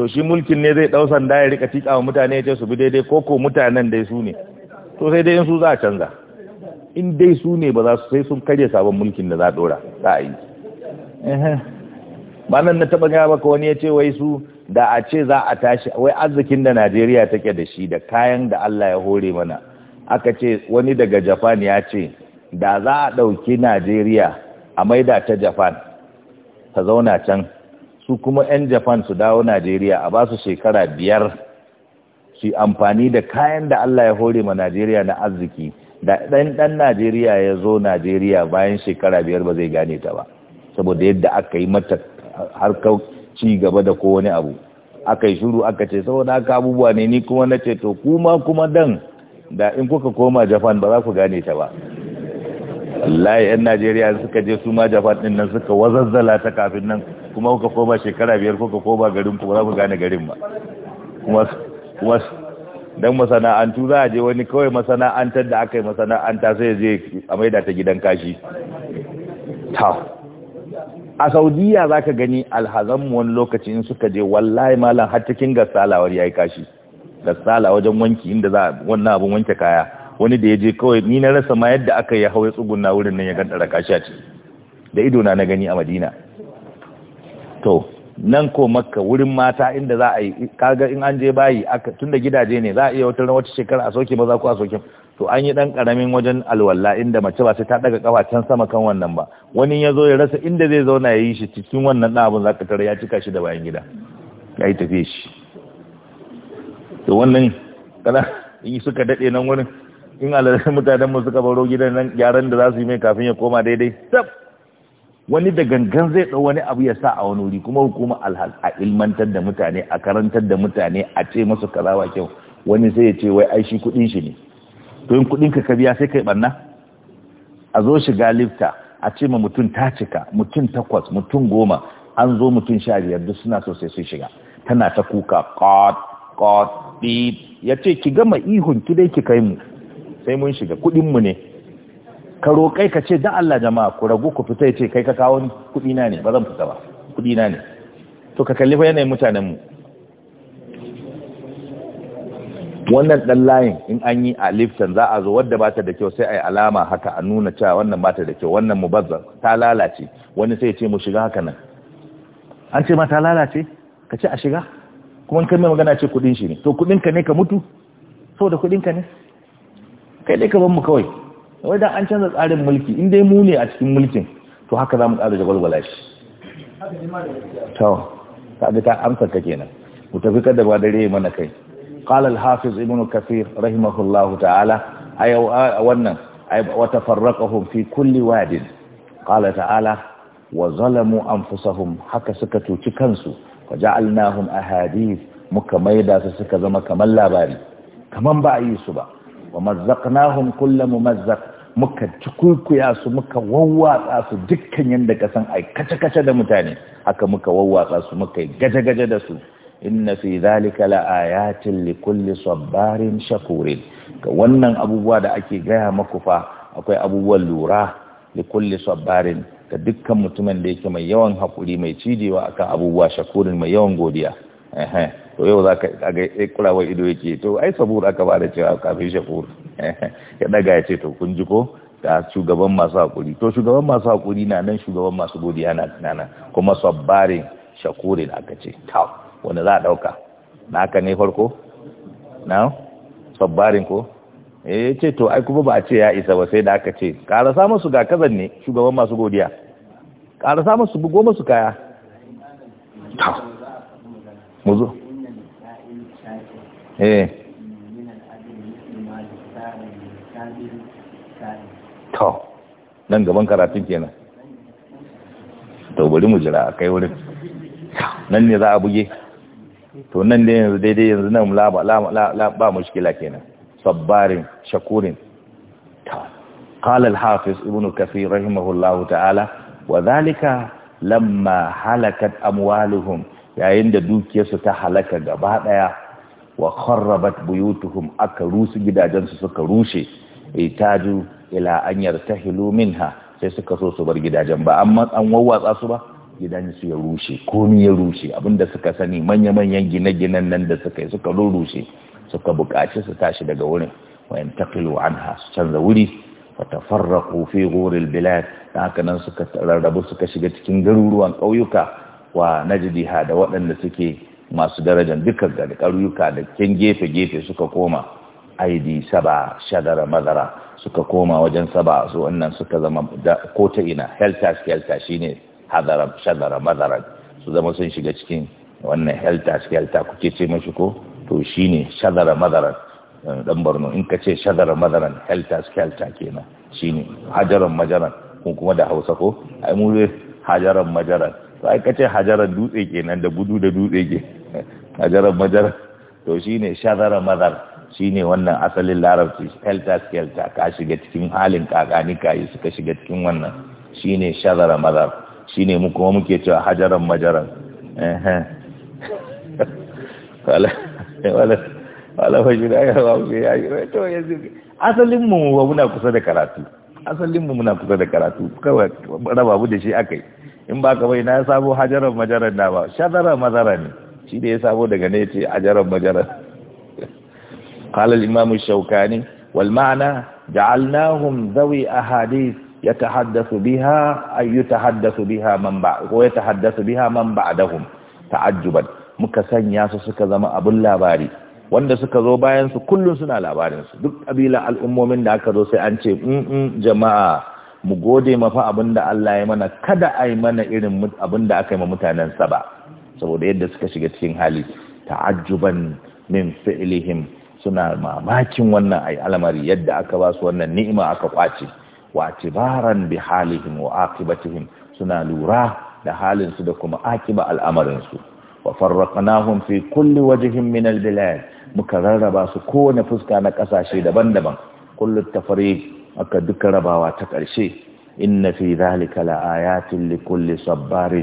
to shi mulkin ne zai dau sanda ya rika tika wa mutane ya ce su bi daidai ko ko mutanen dai su ne to sai dai in su za canza in dai su ne ba za su sai sun karya sabon mulkin da za a dora za a yi ba nan na taɓa gaya maka wani ya ce wai su da a ce za a tashi wai arzikin da najeriya take da shi da kayan da allah ya hore mana aka ce wani daga japan ya ce da za a ɗauki najeriya a maida ta japan ta zauna can su kuma 'yan japan su dawo najeriya a ba su shekara biyar su amfani da kayan da allah ya hore ma najeriya na arziki da ɗan ɗan najeriya ya zo najeriya bayan shekara biyar ba zai gane ta ba saboda yadda aka yi mata harkar ci gaba da kowane abu aka yi shuru aka ce saboda aka abubuwa ne ni kuma na ce to kuma kuma dan da in kuka koma japan ba za ku gane ta ba wallahi 'yan najeriya suka je su ma japan ɗin nan suka wazazzala ta kafin nan kuma kuka koma shekara biyar kuka koma garin ku za ku gane garin ba kuma kuma masana'antu za a je wani kawai masana'antar da aka yi masana'anta sai je a da ta gidan kashi ta a saudiya za ka gani alhazan wani lokaci in suka je wallahi malam har cikin gassalawar ya yi kashi gassala wajen wanki inda za wannan abin wanke kaya wani da ya je kawai ni na rasa ma yadda aka yi hau ya tsuguna wurin nan ya gandara kashi a ci da idona na gani a madina to nan ko makka wurin mata inda za a yi kaga in an je bayi tunda gidaje ne za a iya wata wata shekara a soke maza ko a soke to an yi dan karamin wajen alwala inda mace ba sai ta daga kafa can sama kan wannan ba wani ya zo ya rasa inda zai zauna ya yi shi cikin wannan dan abun zaka tare ya cika shi da bayan gida ya yi tafiye shi to wannan kana in suka dade nan wurin in alalai mutanen mu suka baro gidan nan gyaran da za su yi mai kafin ya koma daidai tab wani da gangan zai ɗau wani abu ya sa a wani wuri kuma hukuma alhal a ilmantar da mutane a karantar da mutane a ce masu kaza kyau wani sai ya ce wai ai shi kuɗin shi ne to in kuɗin ka biya sai kai ɓanna a zo shiga lifta a ce ma mutum ta cika mutum takwas mutum goma an zo mutum sha biyar duk suna so sai sun shiga tana ta kuka kot kot ya ce ki gama ihun ki dai ki kai mu sai mun shiga kuɗin mu ne ka roƙai ka ce da Allah jama'a ku ragu ku fita ya ce kai ka kawo kuɗi na ne ba zan fita ba kuɗi na ne to ka kalli fa yanayin mutanen mu wannan dan layin in an yi a liftan za a zo wadda ba ta da kyau sai a yi alama haka a nuna cewa wannan ba ta da kyau wannan mubazzar ta lalace wani sai ya ce mu shiga haka nan an ce ma ta lalace ka ce a shiga kuma kai mai magana ce kuɗin shi ne to kuɗinka ne ka mutu saboda kuɗinka ne kai dai ka ban mu kawai wai da an canza tsarin mulki in dai mu ne a cikin mulkin to haka za mu ƙara jagwalgwala shi to ta amsa ka kenan mu tafi kada ba dare mana kai qala hafiz ibn kathir rahimahullahu ta'ala ayu wannan wa tafarraqahum fi kulli wadin qala ta'ala wa zalamu anfusahum haka suka tuci kansu wa ja'alnahum ahadith muka maida su suka zama kamar labari kaman ba a yi su ba wa mazzaqnahum kullu mumazzaq muka cikuikuya su muka wawwatsa su dukkan yadda ka san ai kace-kace da mutane haka muka wawwatsa su muka gaje-gaje da su inna fi zalika la ayatin li kulli sabbarin shakurin ga wannan abubuwa da ake gaya maku fa akwai abubuwan lura li kulli sabbarin ga dukkan mutumin da yake mai yawan hakuri mai cijewa akan abubuwa shakurin mai yawan godiya to yau za ka ga eh, kulawar ido yake to ai sabur aka ba da cewa kafin shakur ya daga ya ce to kun ji ko ga shugaban masu hakuri to shugaban masu hakuri na nan shugaban masu godiya na tunana, kuma sabbarin shakuri da aka ce ta wanda za a dauka na aka ne farko na sabbarin ko eh, ya ce to ai kuma ba a ce ya isa ba sai da aka ce karasa masu ga kazan ne shugaban masu godiya karasa masu bugo masu kaya ta muzo eh to nan gaban karatun kenan to bari mu jira a kai wurin nan ne za a buge to nan ne yanzu daidai yanzu nan ba mushkila kenan sabbarin shakurin قال الحافظ ابن كثير رحمه الله تعالى وذلك lamma هلكت أموالهم yayin da su ta halaka gaba daya wa kharrabat buyutuhum aka rusu gidajensu suka rushe itaju ila an yartahilu minha sai suka so su bar gidajen ba amma an wawwatsa su ba gidan su ya rushe komi ya rushe abinda suka sani manya-manyan gine-ginen nan da suka yi suka rushe suka buƙaci su tashi daga wurin wayan taqilu anha su canza wuri fa tafarraqu fi ghuril bilad haka nan suka rarrabu suka shiga cikin garuruwan ƙauyuka wa najdiha da waɗanda suke masu darajan dukkan ga ƙauyuka da kin gefe-gefe suka koma aidi saba shadara madara suka koma wajen saba su wannan suka zama ko ta ina helta skelta shine hadaram shadara madaran su zama sun shiga cikin wannan helta skelta kuke ce mashi ko to shi ne shadara madaran eh, dan Borno in ka ce shadara madaran helta skelta kenan shi ne hajaran majaran kun kuma da Hausa ko ai mu hajaran majaran to ai ka ce hajaran dutse kenan da gudu da dutse ke hajaran majaran to shi ne shadara madar Shi ne wannan asalin larabci helter skelter ka shiga cikin halin kakani kayi suka shiga cikin wannan shi ne shazara mazar ne mu kuma muke cewa hajaran majaran eh mu muna kusa da karatu asalin mu muna kusa da karatu kawai raba da shi akai in ba ka bai na ya sabo hajaran majaran na ba shazara mazara ne shi da ya sabo daga ne ce hajaran majaran قال الإمام الشوكاني والمعنى جعلناهم ذوي أحاديث يتحدث بها أي يتحدث بها من بعد ويتحدث بها من بعدهم تعجبا muka sanya su suka zama abun labari wanda suka zo bayan su suna labarin su duk kabila al'ummomin da aka zo sai an ce mm jama'a mu gode mafa abinda Allah ya mana kada a yi mana irin da aka yi ma mutanen saba ba saboda yadda suka shiga cikin hali ta'ajjuban min fi'ilihim suna mamakin wannan ai al'amari yadda aka ba su wannan ni'ima aka kwace wa tibaran bi halihim wa aqibatihim suna lura da halin su da kuma akiba al'amarin su wa farraqnahum fi kulli wajhin min al-bilad muka rarraba su kowane fuska na kasashe daban-daban kullu tafriq aka duka rabawa ta karshe inna fi dhalika la ayatin li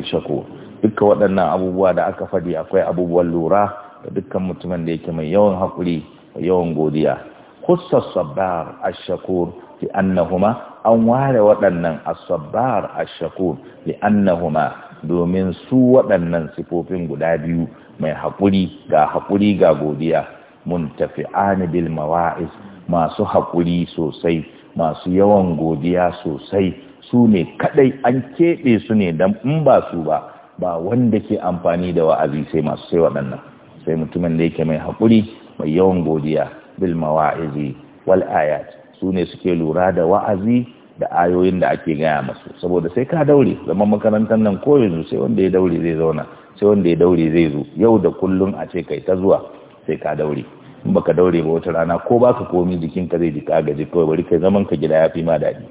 shakur duka waɗannan abubuwa da aka fadi akwai abubuwan lura da dukkan mutumin da yake mai yawan haƙuri yawan godiya kusa sabbar ashakur li annahuma an ware waɗannan asabar ashaku. ashakur li annahuma domin su waɗannan sifofin guda biyu mai haƙuri ga haƙuri ga godiya Mun tafi anibil Mawa'is masu haƙuri sosai masu yawan godiya sosai su ne kaɗai an keɓe su ne don in ba su ba ba wanda ke amfani da wa'azi sai masu sai waɗannan sai mutumin da yake mai haƙuri mai yawan godiya bil mawa'izi wal ayat su ne suke lura da wa'azi da ayoyin da ake gaya masu saboda sai ka daure zaman makarantar nan ko yanzu sai wanda ya daure zai zauna sai wanda ya daure zai zo yau da kullun a ce kai ta zuwa sai ka daure in baka daure ba wata rana ko baka komi ka zai jika gaji kawai bari kai zaman ka gida ya fi ma daɗi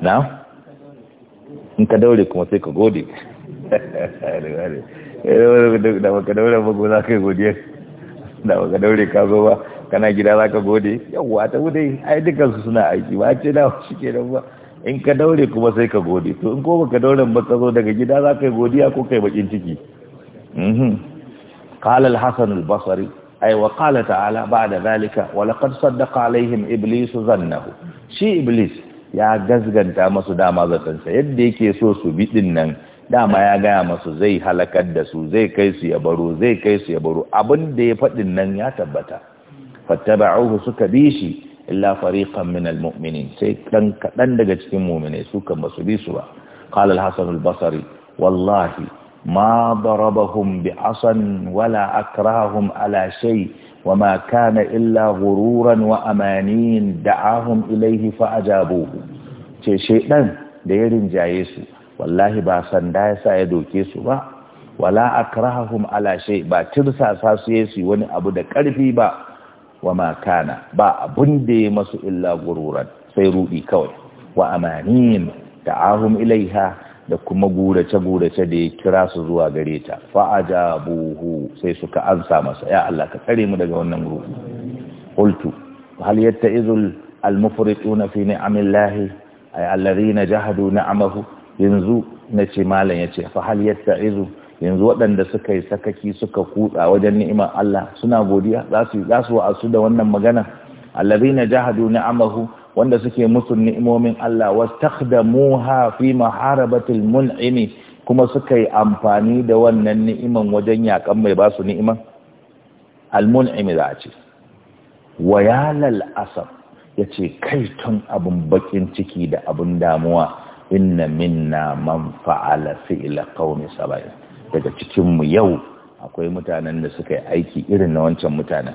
na in ka daure kuma sai ka gode da baka daure ba ko za ka yi godiya da baka daure ka zo ba kana gida za ka gode yawwa ta wuce ai su suna aiki ba ce dawo shi ke nan ba in ka daure kuma sai ka gode to in ko baka daure ba ka zo daga gida za ka yi godiya ko kai bakin ciki mhm. qala al-hasan al-basri ay wa qala ta'ala ba'da zalika wa laqad saddaqa alaihim iblis zannahu shi iblis ya gazganta masu dama sa yadda yake so su bi nan dama ya gaya masu zai halakar da su zai kai su ya baro zai kai su ya baro abun da ya faɗin nan ya tabbata fattaba'uhu suka bi shi illa fariqan min almu'minin sai dan kadan daga cikin mu'minai su kan basu bi su ba qala al-hasan al-basri wallahi ma darabahum bi asan wala akrahum ala shay wama kana illa ghururan wa amanin da'ahum ilayhi fa ajabuhu ce shedan da ya rinjaye su wallahi ba sanda ya sa ya doke su ba wala akrahahum ala shay ba tirsasa su suyi wani abu da ƙarfi ba wa ma na ba abun da ya masu illa gururan sai rudi kawai wa amanin ta'ahum ilaiha da kuma gurace gurace da ya kira su zuwa gare ta fa ajabuhu sai suka ansa masa ya Allah ka tsare mu daga wannan ruɗi qultu hal yattaizul al-mufrituna fi ni'amillahi ay alladhina jahadu ni'amahu yanzu na ce malam ya ce fa hal yasta'izu yanzu waɗanda suka yi sakaki suka kutsa wajen ni'imar Allah suna godiya za su za su wa'asu da wannan magana allazina jahadu ni'amahu wanda suke musu ni'imomin Allah wastakhdamuha fi maharabatil mun'imi kuma suka yi amfani da wannan ni'iman wajen yakan mai ba su ni'iman al-mun'imi za a ce wayalal asab yace kai tun abun bakin ciki da abun damuwa inna minna man fa'ala fi'la qaumi sabai daga cikin mu yau akwai mutanen da suka yi aiki irin na wancan mutanen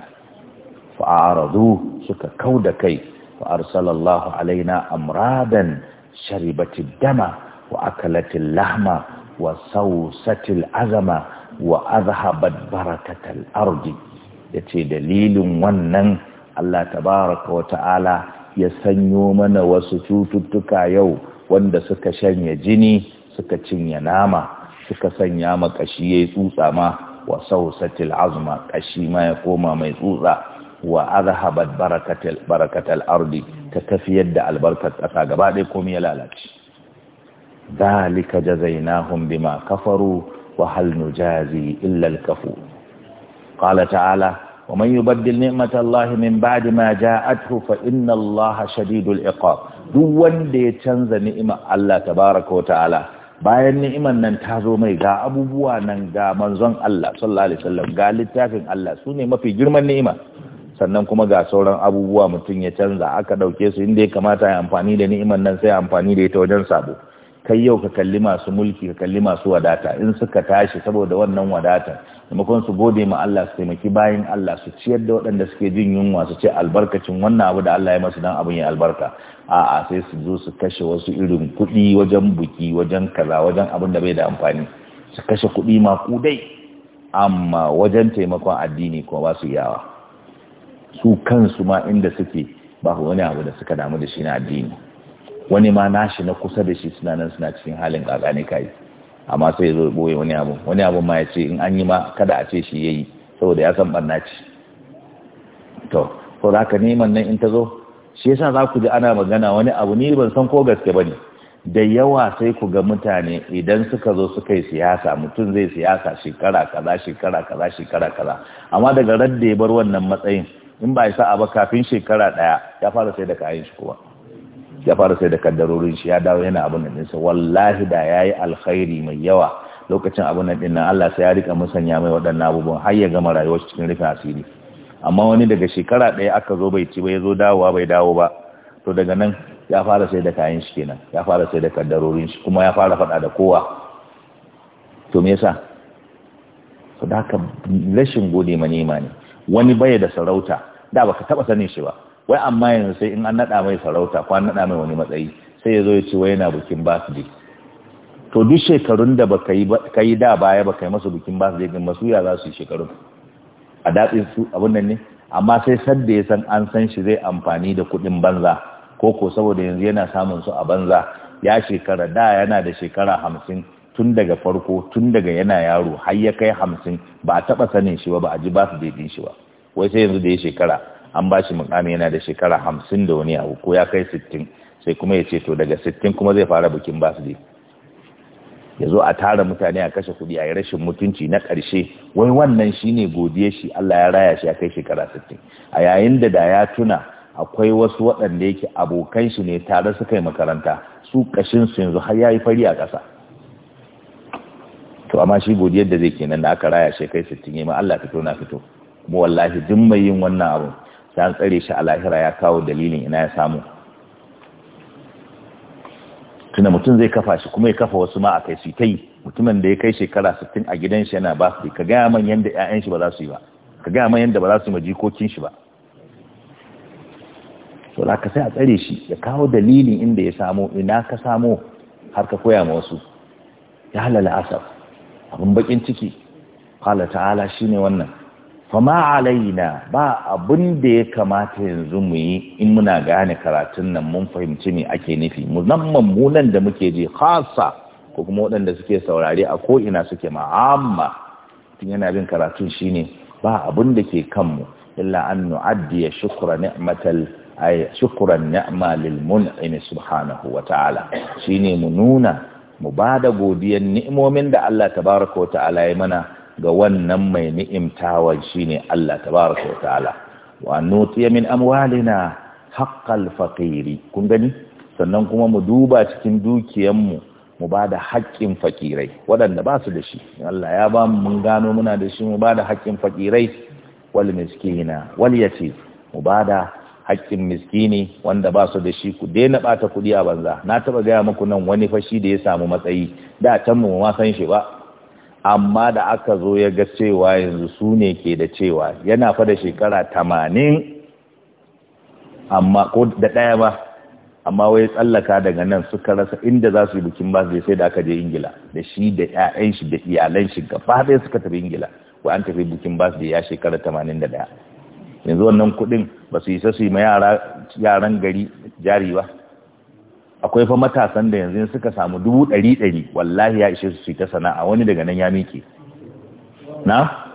fa'aradu suka kauda kai fa arsalallahu alaina amradan sharibatid dama wa akalatil lahma wa sausatil azama wa azhabat barakatal ardi yace dalilin wannan Allah tabaraka wa ta'ala ya sanyo mana wasu cututtuka yau wanda suka shanya jini suka cinye nama suka sanya ma kashi yayi tsutsa ma wa sausatil azma kashi ma ya koma mai tsutsa wa azhabat barakatil barakatil ardi ta tafiyar da albarkar kasa gaba dai komai ya lalace dalika jazainahum bima kafaru wa hal nujazi illa al-kafur qala ta'ala ومن يبدل نعمة الله من بعد ما جاءته فإن الله شديد العقاب duk wanda ya canza ni'imar Allah tabaraka ta'ala bayan ni'imar nan ta zo mai ga abubuwa nan ga manzon Allah sallallahu alaihi wasallam ga littafin Allah su ne mafi girman ni'ima sannan kuma ga sauran abubuwa mutum ya canza aka dauke su inda ya kamata ya amfani da ni'imar nan sai amfani da ita wajen sabo kai yau ka kalli masu mulki ka kalli masu wadata in suka tashi saboda wannan wadata maimakon su gode ma Allah su taimaki bayan Allah su ciyar da waɗanda suke jin yunwa su ce albarkacin wannan abu da Allah ya masu dan abin ya albarka a'a sai su zo su kashe wasu irin kuɗi wajen buki wajen kaza wajen abin da bai da amfani su kashe kuɗi ma kudai amma wajen taimakon addini kuma ba su yawa su kansu ma inda suke ba wani abu da suka damu da shi na addini wani ma nashi na kusa da shi suna nan suna cikin halin kakani kai amma sai ya zo boye wani abu wani abu ma ya ce in an yi ma kada a ce shi ya yi saboda ya san barna ce to ko za ka neman nan in ta zo shi yasa za ku ji ana magana wani abu ni ban san ko gaske bane da yawa sai ku ga mutane idan suka zo suka yi siyasa mutum zai siyasa shekara kaza shekara kaza shekara kaza amma daga radda ya bar wannan matsayin in ba ya sa'a ba kafin shekara daya ya fara sai da kayan shi kuma ya fara sai da kaddarorin shi ya dawo yana abin nan dinsa wallahi da yayi alkhairi mai yawa lokacin abin nan ɗin nan Allah sai ya rika musanya mai waɗannan abubuwan har ya gama rayuwar cikin rufin asiri amma wani daga shekara ɗaya aka zo bai ci ba ya zo dawowa bai dawo ba to daga nan ya fara sai da kayan shi kenan ya fara sai da kaddarorin shi kuma ya fara faɗa da kowa to me yasa to da haka rashin gode ma nema ne wani baya da sarauta da baka taɓa sanin shi ba wai amma yanzu sai in an naɗa mai sarauta ko an naɗa mai wani matsayi sai ya zo ya ce wai yana bikin birthday to duk shekarun da baka yi da baya baka yi masa bikin birthday din masu ya za su yi shekarun a datsin su abin nan ne amma sai da ya san an san shi zai amfani da kuɗin banza ko ko saboda yanzu yana samun su a banza ya shekara da yana da shekara hamsin tun daga farko tun daga yana yaro har ya kai hamsin ba a taɓa sanin shi ba ba a ji birthday din shi ba wai sai yanzu da ya shekara an ba shi mukami yana da shekara hamsin da wani abu ko ya kai sittin sai kuma ya ce to daga sittin kuma zai fara bikin su ya zo a tara mutane a kashe kuɗi a yi rashin mutunci na ƙarshe wai wannan shi ne godiya shi Allah ya raya shi a kai shekara sittin a yayin da da ya tuna akwai wasu waɗanda yake abokan shi ne tare suka yi makaranta su ƙashin su yanzu har ya yi fari a ƙasa to amma shi godiyar da zai kenan da aka raya shi kai sittin yi ma Allah fito na fito kuma wallahi duk mai yin wannan abu da an tsare shi a lahira ya kawo dalilin ina ya samu tuna mutum zai kafa shi kuma ya kafa wasu ma a kai su kai mutumin da ya kai shekara 60 a gidan shi yana ba su ka gaya man yadda 'ya'yan shi ba za su yi ba ka gaya man yadda ba za su ma jikokin shi ba to za ka sai a tsare shi ya kawo dalilin inda ya samu ina ka samu har ka koya ma wasu ya halala asaf abin bakin ciki kala ta'ala shine wannan fama alaina ba abin da ya kamata yanzu mu yi in muna gane karatun nan mun fahimci me ake nufi musamman mu nan da muke ji khasa ko kuma waɗanda suke saurare a ko ina suke ma'amma tun yana bin karatun shine ba abin da ke kanmu illa an ya shukra ni'matal ay shukran ni'ma lil mun'im subhanahu wa ta'ala shine mu nuna mu bada godiyar ni'imomin da Allah tabaraka wa ta'ala ya mana ga wannan mai ni'imtawa shine Allah tabaraka wa ta'ala wa nutiya min amwalina haqqal faqiri kun gani sannan kuma mu duba cikin dukiyanmu mu ba da haƙƙin fakirai waɗanda ba su da shi Allah ya ba mu mun gano muna da shi mu ba da haƙƙin fakirai wal miskina wal yatim mu ba da haƙƙin miskini wanda ba su da shi ku daina ɓata kuɗi a banza na taɓa gaya muku nan wani fashi da ya samu matsayi da can mu ma san shi ba amma da aka zo ya ga cewa yanzu su ne ke da cewa yana fa da shekara tamanin amma ko da ɗaya ba amma wai tsallaka daga nan suka rasa inda za su yi bikin ba sai da aka je ingila da shi da 'ya'yan shi da iyalan shi gaba suka tafi ingila wa an tafi bikin ba da ya shekara tamanin da ɗaya yanzu wannan kuɗin ba su isa su yi ma yaran gari jari ba akwai fa matasan da yanzu suka samu dubu ɗari ɗari wallahi ya ishe su ta sana'a wani daga nan ya miƙe na?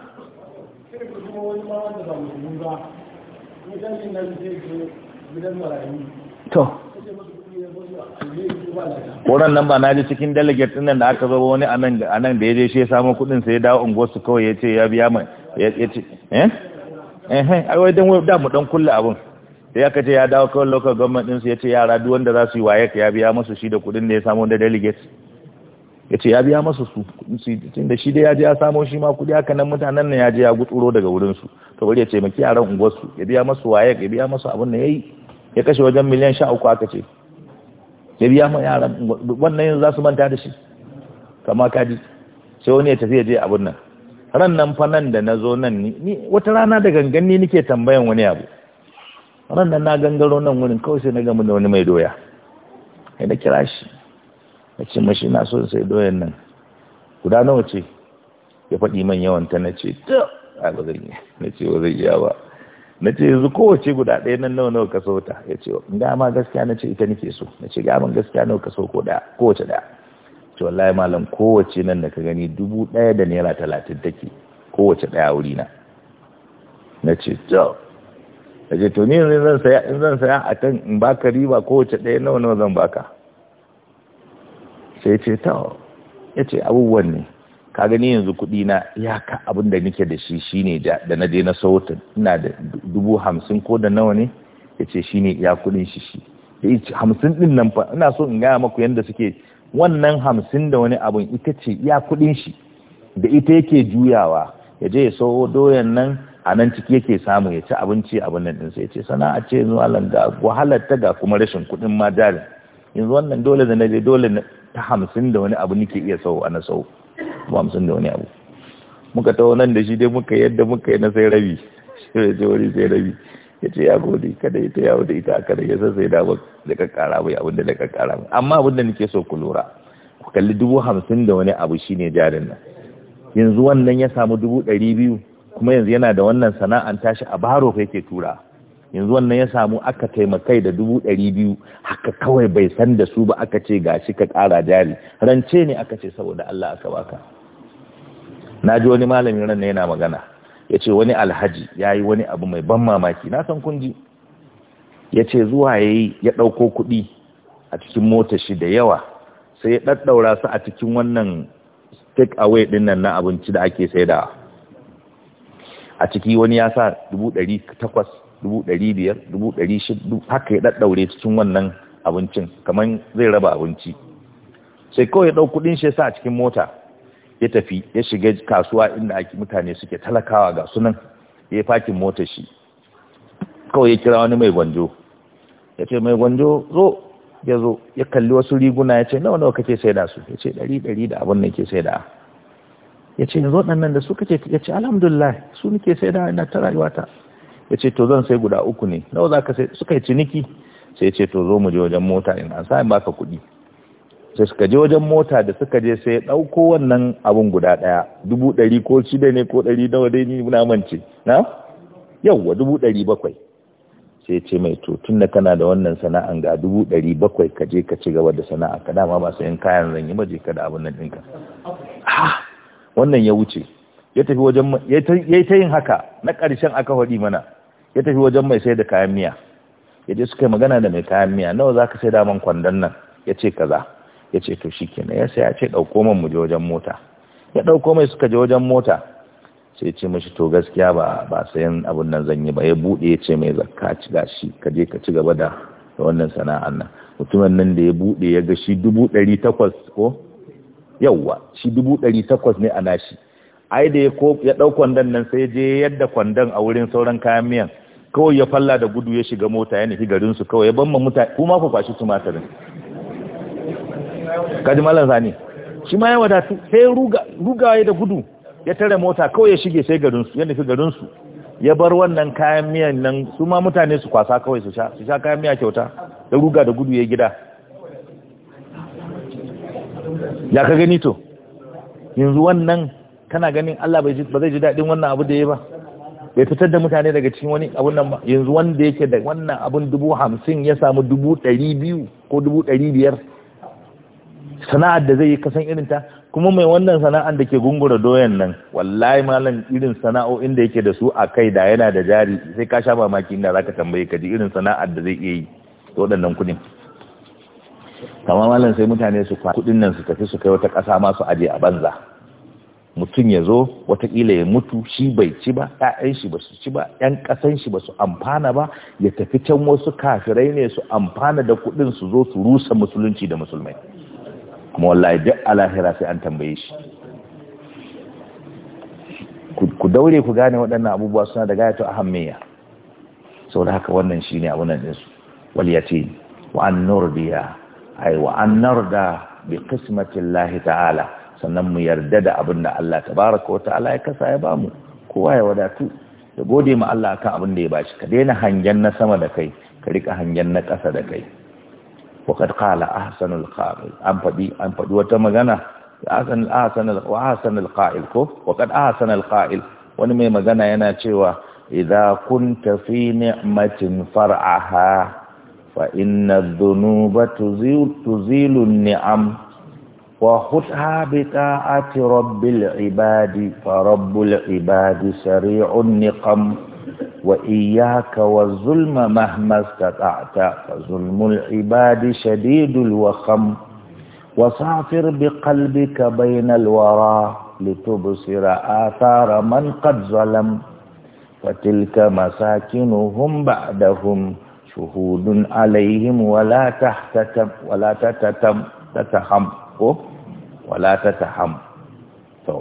to koran nan ba na ji cikin delegate ɗin da aka zo wani a nan da ya je shi ya samu kuɗin sai ya dawo unguwarsu kawai ya ce ya biya mai ya ce eh? eh eh ai wai dan wai da mu dan kulle abun ya ce ya dawo kawai local government ɗinsu ya ce yara duk wanda za su yi waye ya biya masu shi da kuɗin da ya samu da delegate ya ce ya biya masu su kuɗin da shi da ya je ya samu shi ma kuɗi haka nan mutanen nan ya je ya gutsuro daga wurinsu to bari ya ce maki yaran unguwarsu ya biya masu waye ya biya masu abin da ya yi ya kashe wajen miliyan sha uku aka ce ya biya ma yaran wannan yanzu za su manta da shi kama kaji sai wani ya tafi ya je abin nan ran nan fa nan da na zo nan ni wata rana da gangan ni nake tambayan wani abu ran nan na gangaro nan wurin kawai sai na gama da wani mai doya sai na kira shi na ce mashi na so sai doyan nan guda nawa ce ya faɗi man yawan ta na ce ta a ba zan yi na ce ba zan iya ba na ce yanzu kowace guda ɗaya nan nawa nawa ka so ta ya ce ga ma gaskiya na ce ita nake so na ce ga man gaskiya nawa ka so ko da kowace da ce wallahi malam kowace nan da ka gani dubu ɗaya da naira talatin take kowace ɗaya wuri na na ce to da je to ni zan saya in zan saya a can in baka riba kowace ɗaya nawa nawa zan baka sai ce ta ya ce abubuwan ne ka gani yanzu kuɗi na iyaka abin da nike da shi shine da na je na sautin ina da dubu hamsin ko da nawa ne ya ce ne ya kuɗin shi shi hamsin ɗin nan fa ina so in gaya maku yadda suke wannan hamsin da wani abun ita ce ya kuɗin shi da ita yake juyawa ya je ya sau doyan nan a nan ciki yake samu ya ci abinci abin nan ɗinsa ya ce sana'a ce yanzu allan ga wahalar ta ga kuma rashin kuɗin ma jari yanzu wannan dole da na dole ta hamsin da wani abu nike iya sau a na sau hamsin da wani abu muka taho nan da shi dai muka yadda muka yi na sai rabi shi ne ce wani sai rabi ya ce ya gode kada ya ta yawo da ita kada ya sai dawo da kakkara bai abin da da kakkara bai amma abin da nike so ku lura ku kalli dubu hamsin da wani abu shine jarin nan yanzu wannan ya samu dubu ɗari biyu kuma yanzu yana da wannan sana'an tashi a baro fa yake tura yanzu wannan ya samu aka taimakai da dubu ɗari biyu haka kawai bai san da su ba aka ce gashi ka ƙara jari rance ne aka ce saboda Allah aka baka na ji wani malamin ran yana magana ya ce wani alhaji ya yi wani abu mai ban mamaki na san kunji ya ce zuwa ya yi ya ɗauko kuɗi a cikin mota shi da yawa sai ya ɗaɗɗaura su a cikin wannan take away ɗin na abinci da ake saidawa a ciki wani ya sa dubu ɗari takwas dubu ɗari biyar dubu ɗari shida haka ya ɗaɗɗaure cikin wannan abincin kamar zai raba abinci sai kawai ya ɗau kuɗin shi ya sa a cikin mota ya tafi ya shiga kasuwa inda ake mutane suke talakawa ga sunan ya yi fakin motar shi kawai ya kira wani mai gwanjo ya ce mai gwanjo zo ya zo ya kalli wasu riguna ya ce nawa nawa kake sai da su ya ce ɗari ɗari da abin da ke sai da ya ce yanzu waɗannan da su kake ya ce alhamdulillah su nike sai da ina ta rayuwata ya ce to zan sai guda uku ne nawa za ka sai suka yi ciniki sai ya ce to zo mu je wajen mota in an sa in baka kuɗi sai suka je wajen mota da suka je sai ɗauko wannan abun guda ɗaya dubu ɗari ko shida ne ko ɗari nawa dai ni na mance na yawwa dubu ɗari bakwai sai ce mai to tun da kana da wannan sana'an ga dubu ɗari bakwai ka je ka ci gaba da sana'a ka dama ba sayan kayan zan yi ba je ka da abun nan ɗinka wannan ya wuce ya tafi wajen ya ta yin haka na ƙarshen aka haɗi mana ya tafi wajen mai sai da kayan miya ya je suka yi magana da mai kayan miya nawa za ka sai daman kwandon nan ya ce kaza ya ce to shi kenan ya sai ya ce ɗauko man mu je wajen mota ya ɗauko mai suka je wajen mota sai ce mashi to gaskiya ba ba sayan abin nan zan yi ba ya buɗe ya ce mai zakka ci gashi ka je ka ci gaba da wannan sana'an nan mutumin nan da ya buɗe ya ga shi dubu ɗari takwas ko yawwa shi dubu ɗari takwas ne a nashi ai da ya ɗau kwandon nan sai je yadda kwandon a wurin sauran kayan miyan kawai ya falla da gudu ya shiga mota ya nufi garinsu kawai ya ban ma mutane kuma ku kwashi tumatirin kaji malar zane shi ma ya wadatu sai rugaye da gudu ya tare mota kawai ya shige sai garinsu ya nufi garinsu ya bar wannan kayan miyan nan su ma mutane su kwasa kawai su sha su sha kayan miya kyauta da ruga da gudu ya gida ya ka gani to yanzu wannan kana ganin Allah ba zai ji daɗin wannan abu da ya ba bai fitar da mutane daga cikin wani abun nan ba yanzu wanda yake da wannan abun dubu hamsin ya samu dubu ɗari biyu ko dubu ɗari biyar sana'ar da zai yi kasan irin ta? kuma mai wannan sana'ar da ke gungura doyan nan wallahi malam irin sana'o'in da yake da su a kai da yana da jari sai ka sha mamaki inda ka tambaye ka ji irin sana'ar da zai iya yi da waɗannan kuɗin kamar malam sai mutane su kwa kudin nan su tafi su kai wata kasa masu su aje a banza mutum ya zo watakila ya mutu shi bai ci ba ƴaƴan shi ba su ci ba ƴan ƙasan shi ba su amfana ba ya tafi can wasu kafirai ne su amfana da kuɗin su zo su rusa musulunci da musulmai kuma wallahi duk alahira sai an tambaye shi ku daure ku gane waɗannan abubuwa suna da gayatu ahammiya saboda haka wannan shine abunan ɗinsu wal yatim wa an nurdiya aiwa an narda bi lahi ta'ala sannan mu yarda da abin da Allah tabaraka wa ta'ala ya kasa ya bamu kowa ya wadatu da gode ma Allah akan abin da ya bashi ka daina hangen na sama da kai ka rika hangen na ƙasa da kai وقد قال أحسن القائل أم فدي أم فدي وتمغنى أحسن أحسن وأحسن القائل كو وقد أحسن القائل ونمي مغنى ينا تشوا إذا كنت في نعمة فإن الذنوب تزيل, تزيل النعم وخذها بطاعة رب العباد فرب العباد سريع النقم وإياك والظلم مهما استطعت فظلم العباد شديد الوخم وسافر بقلبك بين الورى لتبصر آثار من قد ظلم فتلك مساكنهم بعدهم shuhudun alaihim wala tahtatam wala tatatam tataham ko wala tataham to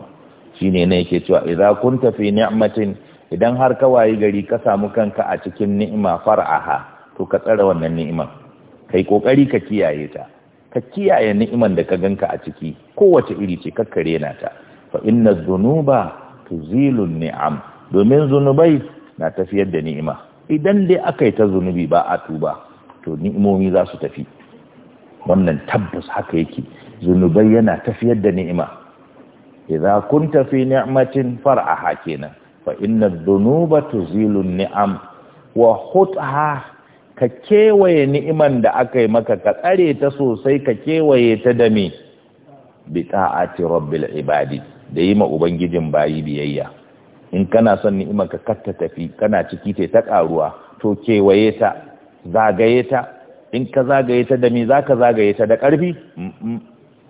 shine ne yake cewa idza kunta fi ni'matin idan har ka wayi gari ka samu kanka a cikin ni'ima far'aha to ka tsara wannan ni'iman kai kokari ka kiyaye ta ka kiyaye ni'iman da ka ganka a ciki kowace iri ce kare na ta fa inna dhunuba tuzilu ni'am domin zunubai na tafiyar da ni'ima idan dai aka yi ta zunubi ba a tuba to ni'imomi za su tafi wannan tabbas haka yake zunubai yana tafiyar da ni'ima idza kunta fi ni'matin far'aha kenan fa inna dhunuba tuzilu ni'am wa khutha ka kewaye ni'iman da aka yi maka ka tsare ta sosai ka kewaye ta da me bi ta'ati rabbil ibadi da yi ma ubangijin bayi biyayya in kana son ni'imar ka kar ta tafi kana ciki ta ta karuwa to kewaye ta zagaye ta in ka zagaye ta da me ka zagaye ta da karfi mm, mm.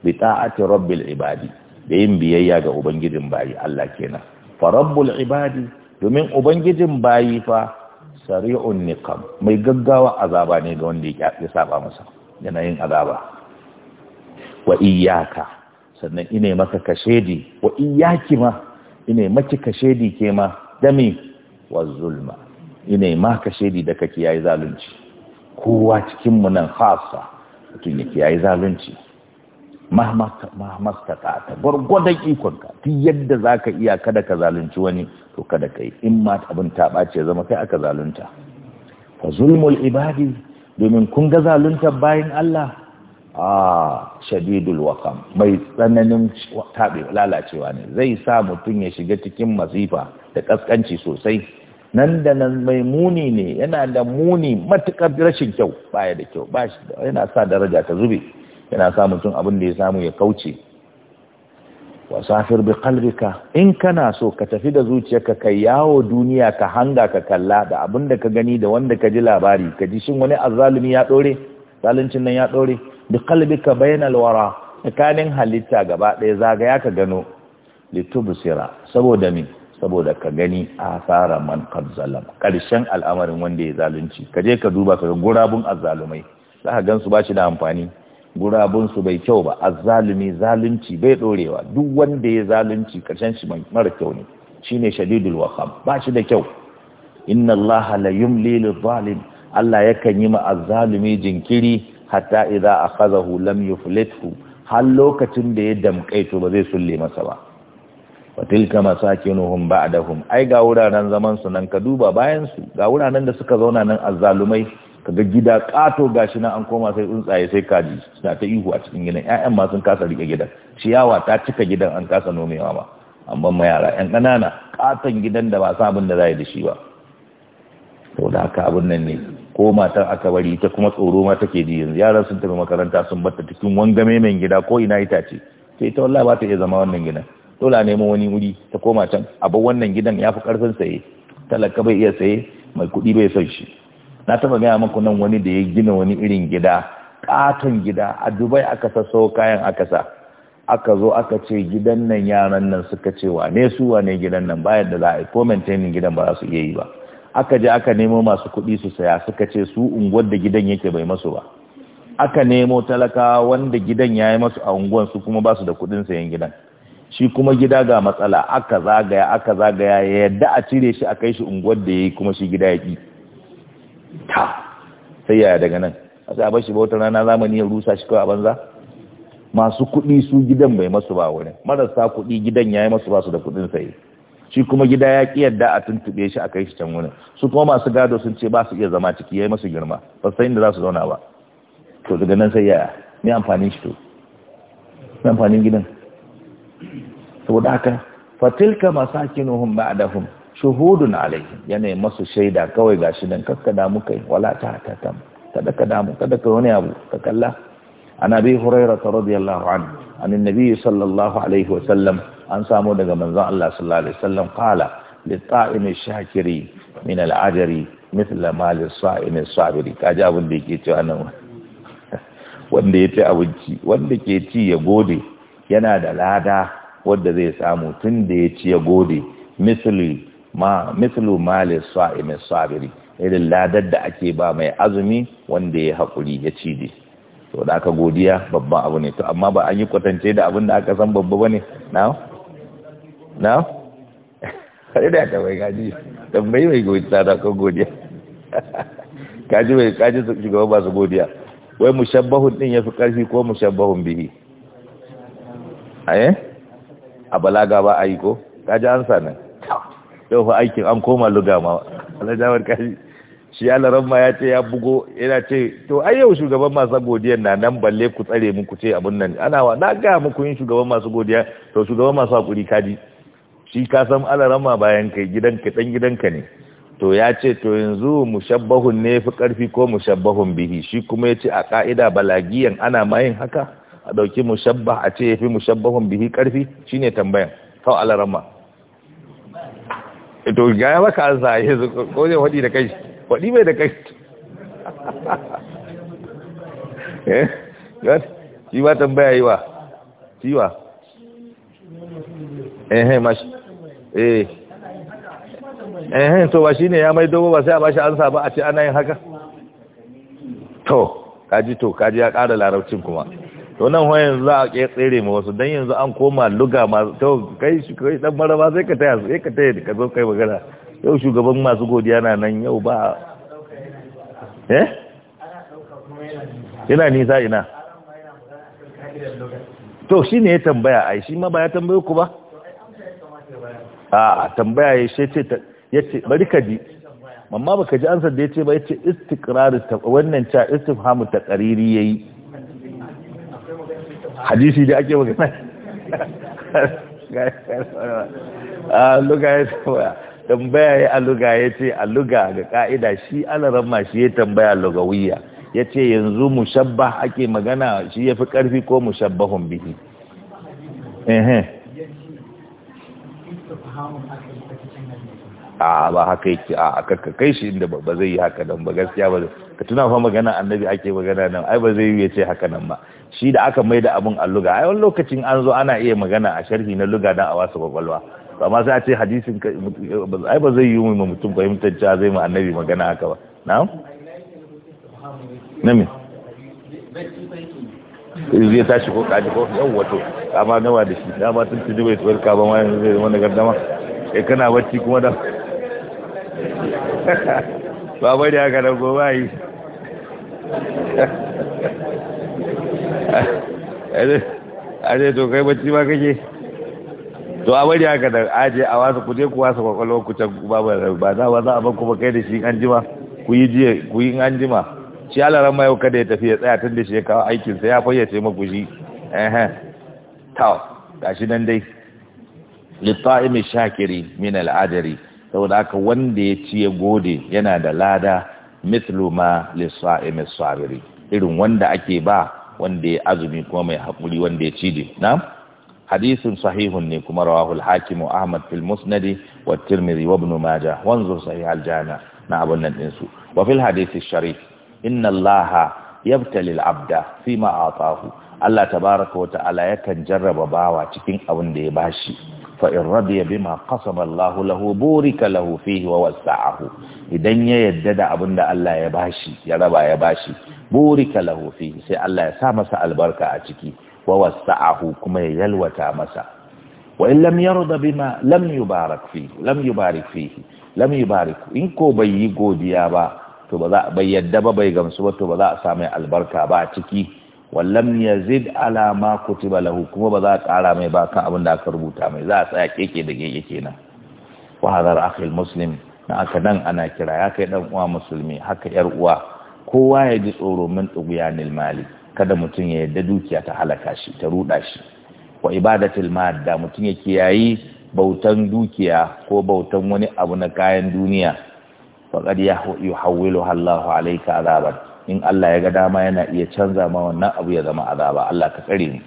bi ta'ati rabbil ibadi da yin biyayya ga ubangijin bayi Allah kenan fa rabbul ibadi domin ubangijin bayi fa sari'un niqam mai gaggawa azaba ne ga wanda ya saba masa yana yin azaba wa iyyaka sannan ine maka kashedi wa iyyaki ma ine maki kashedi ke ma dami wa zulma ine ma kashedi da kake yayi zalunci kowa cikin mu nan khassa mutum yake yayi zalunci mahmasta ka ta gwargwadon ikonka duk yadda za ka iya kada ka zalunci wani to kada ka yi in ma abin ta ɓace zama kai aka zalunta fa zulmul ibadi domin kun ga zalunta bayan Allah a ah, shadidul wakam mai tsananin taɓe lalacewa ne zai sa mutum ya shiga cikin masifa da ƙasƙanci sosai nan da nan mai muni ne yana da muni matuƙar rashin kyau baya da kyau yana sa daraja ta zube yana sa mutum abin da ya samu ya kauce wasafir bi qalbika in kana so ka tafi da zuciyarka kai yawo duniya ka hanga ka kalla da abin da ka gani da wanda ka ji labari ka ji shin wani azzalumi ya dore zaluncin nan ya ɗore? bi ka bainal wara tsakanin halitta gaba ɗaya zagaya ka gano litubsira saboda min saboda ka gani asara man qad karshen al'amarin wanda ya zalunci ka je ka duba ka gurabun azzalumai za ka gan su ba shi da amfani gurabun su bai kyau ba azzalumi zalunci bai ɗorewa duk wanda ya zalunci karshen shi mara kyau ne shine shadidul waqam ba shi da kyau inna allaha la yumli lil zalim Allah yakan yi ma azzalumi jinkiri hatta idza akhadahu lam yuflithu har lokacin da ya damkai ba zai sulle masa ba wa tilka masakinuhum ba'dahum ai ga wuraren zaman su nan ka duba bayan su ga wuraren da suka zauna nan azzalumai ga gida kato gashi nan an koma sai tsuntsaye sai kaji suna ta ihu a cikin gidan ƴaƴan ma sun kasa rike gidan ciyawa ta cika gidan an kasa nomewa ba. amma ma yara ƴan ƙanana katon gidan da ba sa abin da za yi da shi ba to da haka abin nan ne ko matan aka bari ita kuma tsoro ma take ji yanzu yaran sun tafi makaranta sun batta cikin wangame mai gida ko ina ita ce sai ita wallahi ba ta iya zama wannan gidan dole a nemo wani wuri ta koma can abu wannan gidan ya fi karfin saye talaka bai iya saye mai kuɗi bai son shi na taba gaya maku nan wani da ya gina wani irin gida katon gida a dubai aka sasso kayan aka sa aka zo aka ce gidan nan yaran nan suka ce wane su wane gidan nan bayan da za a yi ko maintaining gidan ba za su iya yi ba aka je aka nemo masu kuɗi su saya suka ce su unguwar da gidan yake bai masu ba aka nemo talaka wanda gidan ya yi masu a unguwar su kuma ba su da kuɗin sayan gidan shi kuma gida ga matsala aka zagaya aka zagaya ya yadda a cire shi a kai shi unguwar da ya yi kuma shi gida ya ƙi ta sai yaya daga nan a sai bashi bautar rana zamani ya rusa shi kawai a banza masu kuɗi su gidan bai masu ba wurin marasa kuɗi gidan ya yi masu ba su da kuɗin saye shi kuma gida ya ƙi yadda a tuntube shi a kai shi can wurin su kuma masu gado sun ce ba su iya zama ciki ya yi masu girma ba sai inda za su zauna ba to daga nan sai yaya me amfanin shi to me amfanin gidan saboda haka fatilka masakinuhum ba'dahum shuhudun alaihim yanayin masu shaida kawai gashi Kaka kakkada muka wala ta ta tam kada kada mu kada ka wani abu ka kalla an abi hurairah radiyallahu anhu an annabi sallallahu alaihi wa sallam an samu daga manzon Allah sallallahu alaihi wasallam qala ta'imi shakiri min al'ajari mithla ma saimi sabiri kaji abin da yake cewa nan wanda ya ci abinci wanda ke ci ya gode yana da lada wanda zai samu tun da ya ci ya gode mithlu ma mithlu ma saimi sabiri irin ladar da ake ba mai azumi wanda ya haƙuri ya cije to da aka godiya babban abu ne to amma ba an yi kwatance da abin da aka san babba bane na'am na har da ta bai gaji dan mai mai godiya da ko godiya kaji mai kaji su shiga ba su godiya wai mushabbahun din yafi karfi ko mushabbahun bihi aye eh? a balaga ba ai ko kaji ansa nan yau fa aikin an koma luga ma Allah jawar kaji shi alaran ma ya ce ya bugo yana ce to ai yau shugaban masu godiya na nan balle ku tsare ku ce abun nan ana wa na ga muku yin shugaban masu godiya to shugaban masu hakuri kaji shi ka san alarama bayan kai ka dan gidanka ne to ya ce to yanzu mushabbahun ne fi karfi ko mushabbahun bihi shi kuma ya ce a ka'ida balagiyan ana mayin haka a ɗauki mushabbah a ce ya fi mushabbahun bihi karfi shine tambayan kawo alarama e, to ga ya maka an saye ko ne wadi da kai wadi mai da kai yi ba eh, tambaya yi wa shi wa eh, eh mashi eh eh to ba shine ya mai dogo ba sai a bashi ansa ba a ce ana yin haka to kaji to kaji ya ƙara larabcin kuma to nan ho yanzu za a tsere ma wasu dan yanzu an koma luga ma to kai shi kai dan maraba sai ka taya sai ka taya ka zo kai magana yau shugaban masu godiya na nan yau ba eh yana nisa ina to shine ya tambaya ai shi ma ba ya tambaye ku ba a tambaya ya ce ce ya ce bari ka ji amma baka ji an sanda ya ce ba ya ce istiqrar wannan ca istifhamu ta ya yi hadisi da ake magana a luga ya tambaya tambaya ya aluga ya ce aluga ga ka'ida shi alaran shi ya tambaya lugawiya ya ce yanzu mushabba ake magana shi ya fi ƙarfi ko hun bihi a ba haka yake a ka kai shi inda ba zai yi haka nan ba gaskiya ba ka tuna fa magana annabi ake magana nan ai ba zai yi yace haka nan ba shi da aka maida abun alluga ai wani lokacin an zo ana iya magana a sharhi na luga dan a wasu kwakwalwa amma sai a ce hadisin ai ba zai yi mu mutum fahimtar cewa zai mu annabi magana haka ba na'am na zai tashi ko kaji ko yau wato amma gama da shi dama tun tuni bai tuwar kaba ma yanzu zai wani gardama ya kana bacci kuma da ba bai da haka nan ko ba yi a zai to kai bacci ma kake to a bari haka da aje a wasu kuje ku wasa kwakwalwa ku can ba za a ba za a ban kai da shi an jima ku yi jiya ku yi an jima shi alaran kada ya tafi ya tsaya tun da shi ya kawo aikinsa ya fayyace makushi. shi ehem ga shi nan dai litta'imi shakiri min al'adari saboda haka wanda ya ci ya gode yana da lada mithlu ma lissa'imi sabiri irin wanda ake ba wanda ya azumi kuma mai haƙuri wanda ya ci na hadisin sahihun ne kuma rawahul hakim ahmad fil musnadi wa tirmidhi wa ibn majah wanzur sahih al jana na abun nan din su wa fil hadisi sharif inna allaha yabtalil abda fi ma atahu Allah tabaraka wa ta'ala yakan jarraba bawa cikin abin da ya bashi fa in radiya bima qasama Allahu lahu burika lahu fihi wa wasa'ahu idan ya yadda da abin da Allah ya bashi ya raba ya bashi burika lahu fihi sai Allah ya sa masa albarka a ciki wa wasa'ahu kuma ya yalwata masa wa in lam yarda bima lam yubarak fihi lam yubarik fihi lam yubarik in ko bai yi godiya ba to ba za a bai yadda ba bai gamsu ba to ba za a sa mai albarka ba a ciki wallam yazid ala ma kutiba lahu kuma ba za a ƙara mai ba kan abin da aka rubuta mai za a tsaya keke da keke kenan wa hadar akhil muslim na aka nan ana kira ya kai dan uwa musulmi haka yar uwa kowa ya ji tsoro min tughyanil mali kada mutum ya yadda dukiya ta halaka shi ta ruda shi wa mad da mutum ya kiyayi bautan dukiya ko bautan wani abu na kayan duniya faqad yuhawwiluha Allahu alayka azaban in Allah ya ga dama yana iya canza ma wannan abu ya zama azaba Allah ka tsare ni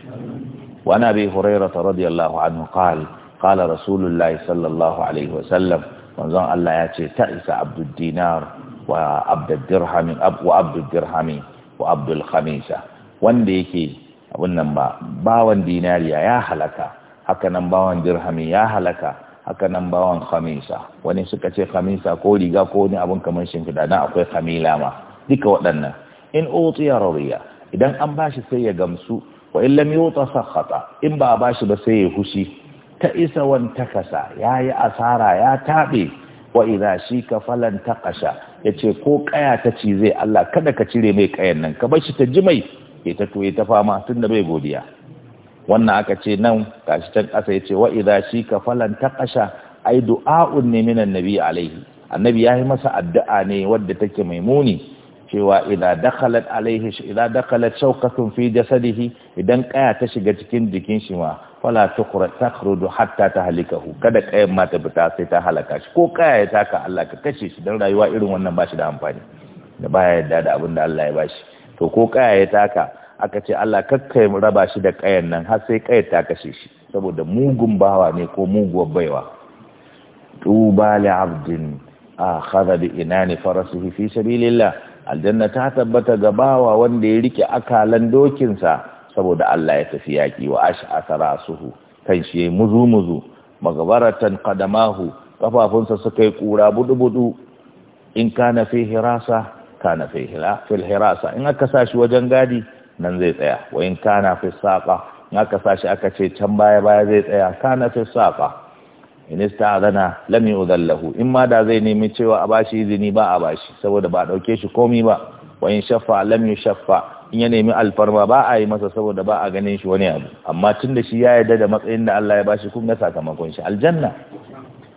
wa ana bi hurairah radiyallahu anhu qala qala rasulullah sallallahu alaihi sallam wanzan Allah ya ce ta'isa abdud dinar wa abdud dirham wa abdud dirhami wa abdul khamisa wanda yake abun nan ba bawan dinariya ya halaka haka nan bawan dirhami ya halaka haka nan bawan khamisa wani suka ce khamisa ko riga ko wani abun kamar shimfiɗa na akwai khamila ma duka waɗannan in utiya rariya idan an bashi sai ya gamsu wa illa mi yuta sakhata in ba a bashi ba sai ya hushi ta isa wan takasa ya yi asara ya taɓe, wa shi ka falan taqasha yace ko kaya ta ci Allah kada ka cire mai kayan nan ka bar shi ta jimai ya ta fama ta fama tunda bai godiya wannan aka ce nan gashi can ƙasa ya ce wa idza shi ka falan ƙasha. ai du'a'un ne minan nabi alaihi annabi ya yi masa addu'a ne wadda take mai muni cewa idza dakhalat alaihi idza dakhalat shawqatun fi jasadihi idan kaya ta shiga cikin jikin shi ma fala tukhra takhrudu hatta tahlikahu kada kayan ma ta fita sai ta halaka shi ko kaya ya taka Allah ka kashe shi dan rayuwa irin wannan ba shi da amfani da baya yarda da abin da Allah ya bashi to ko kaya ya taka aka ce Allah kakkai raba shi da kayan nan har sai ƙayar ta kashe shi saboda mugun bawa ne ko muguwar baiwa tuba li abdin khadha bi inani farasihi fi sabilillah aljanna ta tabbata ga bawa wanda ya rike akalan dokinsa saboda Allah ya tafi yaki wa ash'asa rasuhu kan shi muzu muzu magabaratan qadamahu kafafunsa suka yi kura budu budu in kana fi hirasa kana fi fil hirasa in aka sashi wajen gadi nan zai tsaya wa in kana fi saƙa." in aka sashi aka ce can baya baya zai tsaya kana fi saƙa." Minista ista'adana lam Udallahu, in ma da zai nemi cewa a bashi izini ba a bashi saboda ba dauke shi komi ba wa in shaffa lam shaffa, in ya nemi alfarma ba a yi masa saboda ba a ganin shi wani abu amma tun da shi ya yarda da matsayin da Allah ya bashi kun ga sakamakon shi aljanna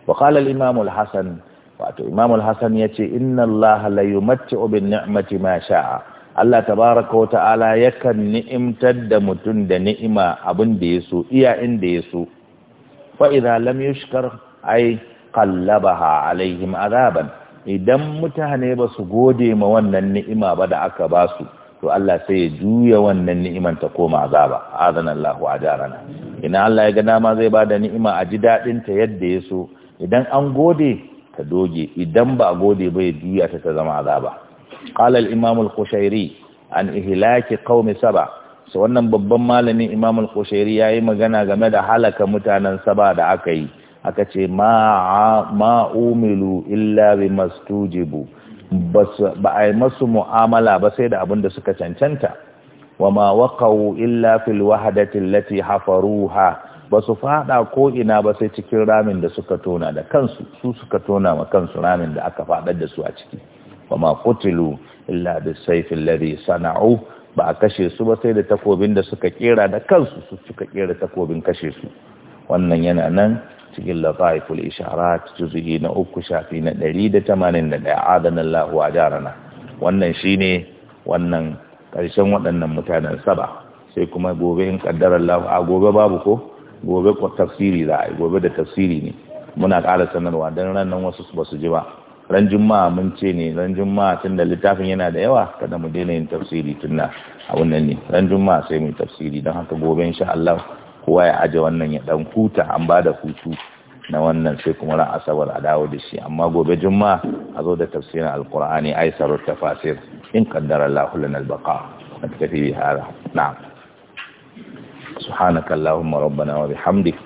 wa qala al-imam al-hasan wato imam al-hasan yace inna Allah la yumatti'u bin ni'mati ma sha'a Allah tabaraka wa ta'ala yakan ni'imtar da mutum da ni'ima abin da ya so iya inda ya so fa idza lam yushkar ay qallabaha alaihim azaban idan mutane ba su gode ma wannan ni'ima ba da aka ba su to Allah sai ya juya wannan ni'iman ta koma azaba azana Allahu ajarana ina Allah ya ga dama zai bada ni'ima a ji dadin ta yadda ya so idan an gode ka doge idan ba a gode ba ya juya ta ta zama azaba قال الإمام الخشيري عن إهلاك قوم سبع wannan babban malamin Imam al ya yayi magana game da halaka mutanen Saba da aka yi aka ce ma ma umilu illa bimastujibu ba ai masu mu'amala ba sai da abin da suka cancanta wama waqau illa fil wahdati allati hafaruha basu fada ko ina ba sai cikin ramin da suka tona da kansu su suka tona ma kansu ramin da aka fadar da su a ciki wa ma qutilu illa bisayfi alladhi sana'u ba a kashe su ba sai da takobin da suka kera da kansu su suka kera takobin kashe su wannan yana nan cikin lataiful isharat juz'i na uku shafi na 181 adana ajarana wannan shine wannan karshen waɗannan mutanen saba sai kuma gobe in kaddara Allah a gobe babu ko gobe ko tafsiri za a gobe da tafsiri ne muna ƙara sanarwa don ranar wasu ba su ji ba ran juma'a mun ce ne ran juma'a tun da littafin yana da yawa kada mu daina yin tafsiri tun da a nan ne ran juma'a sai mu tafsiri don haka gobe insha Allah kowa ya aje wannan ya dan huta an ba da hutu na wannan sai kuma ran asabar a dawo da shi amma gobe juma'a a zo da tafsirin alqur'ani aisaru tafasir in qaddara Allahu lana albaqa naktafi bi hada na'am subhanaka allahumma rabbana wa bihamdika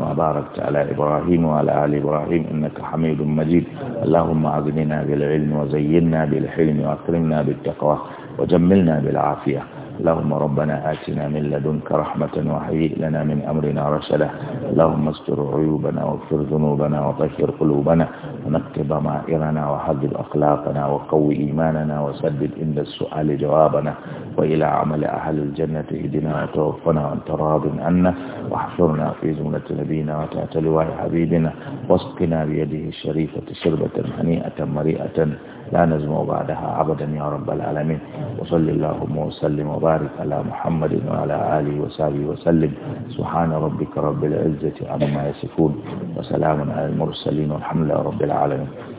كما باركت على إبراهيم وعلى آل إبراهيم إنك حميد مجيد اللهم أعذننا بالعلم وزينا بالحلم وأكرمنا بالتقوى وجملنا بالعافية اللهم ربنا آتنا من لدنك رحمة وهيئ لنا من أمرنا رشدا اللهم استر عيوبنا واغفر ذنوبنا وطهر قلوبنا ونقب ضمائرنا وحذب أخلاقنا وقو إيماننا وسدد عند السؤال جوابنا وإلى عمل أهل الجنة اهدنا وتوفنا وانت راض عنا واحشرنا في زملة نبينا وتحت لواء حبيبنا واسقنا بيده الشريفة شربة هنيئة مريئة لا نزمع بعدها أبدا يا رب العالمين وصل اللهم وسلم وبارك على محمد وعلى آله وصحبه وسلم سبحان ربك رب العزة عما يصفون وسلام على المرسلين والحمد لله رب العالمين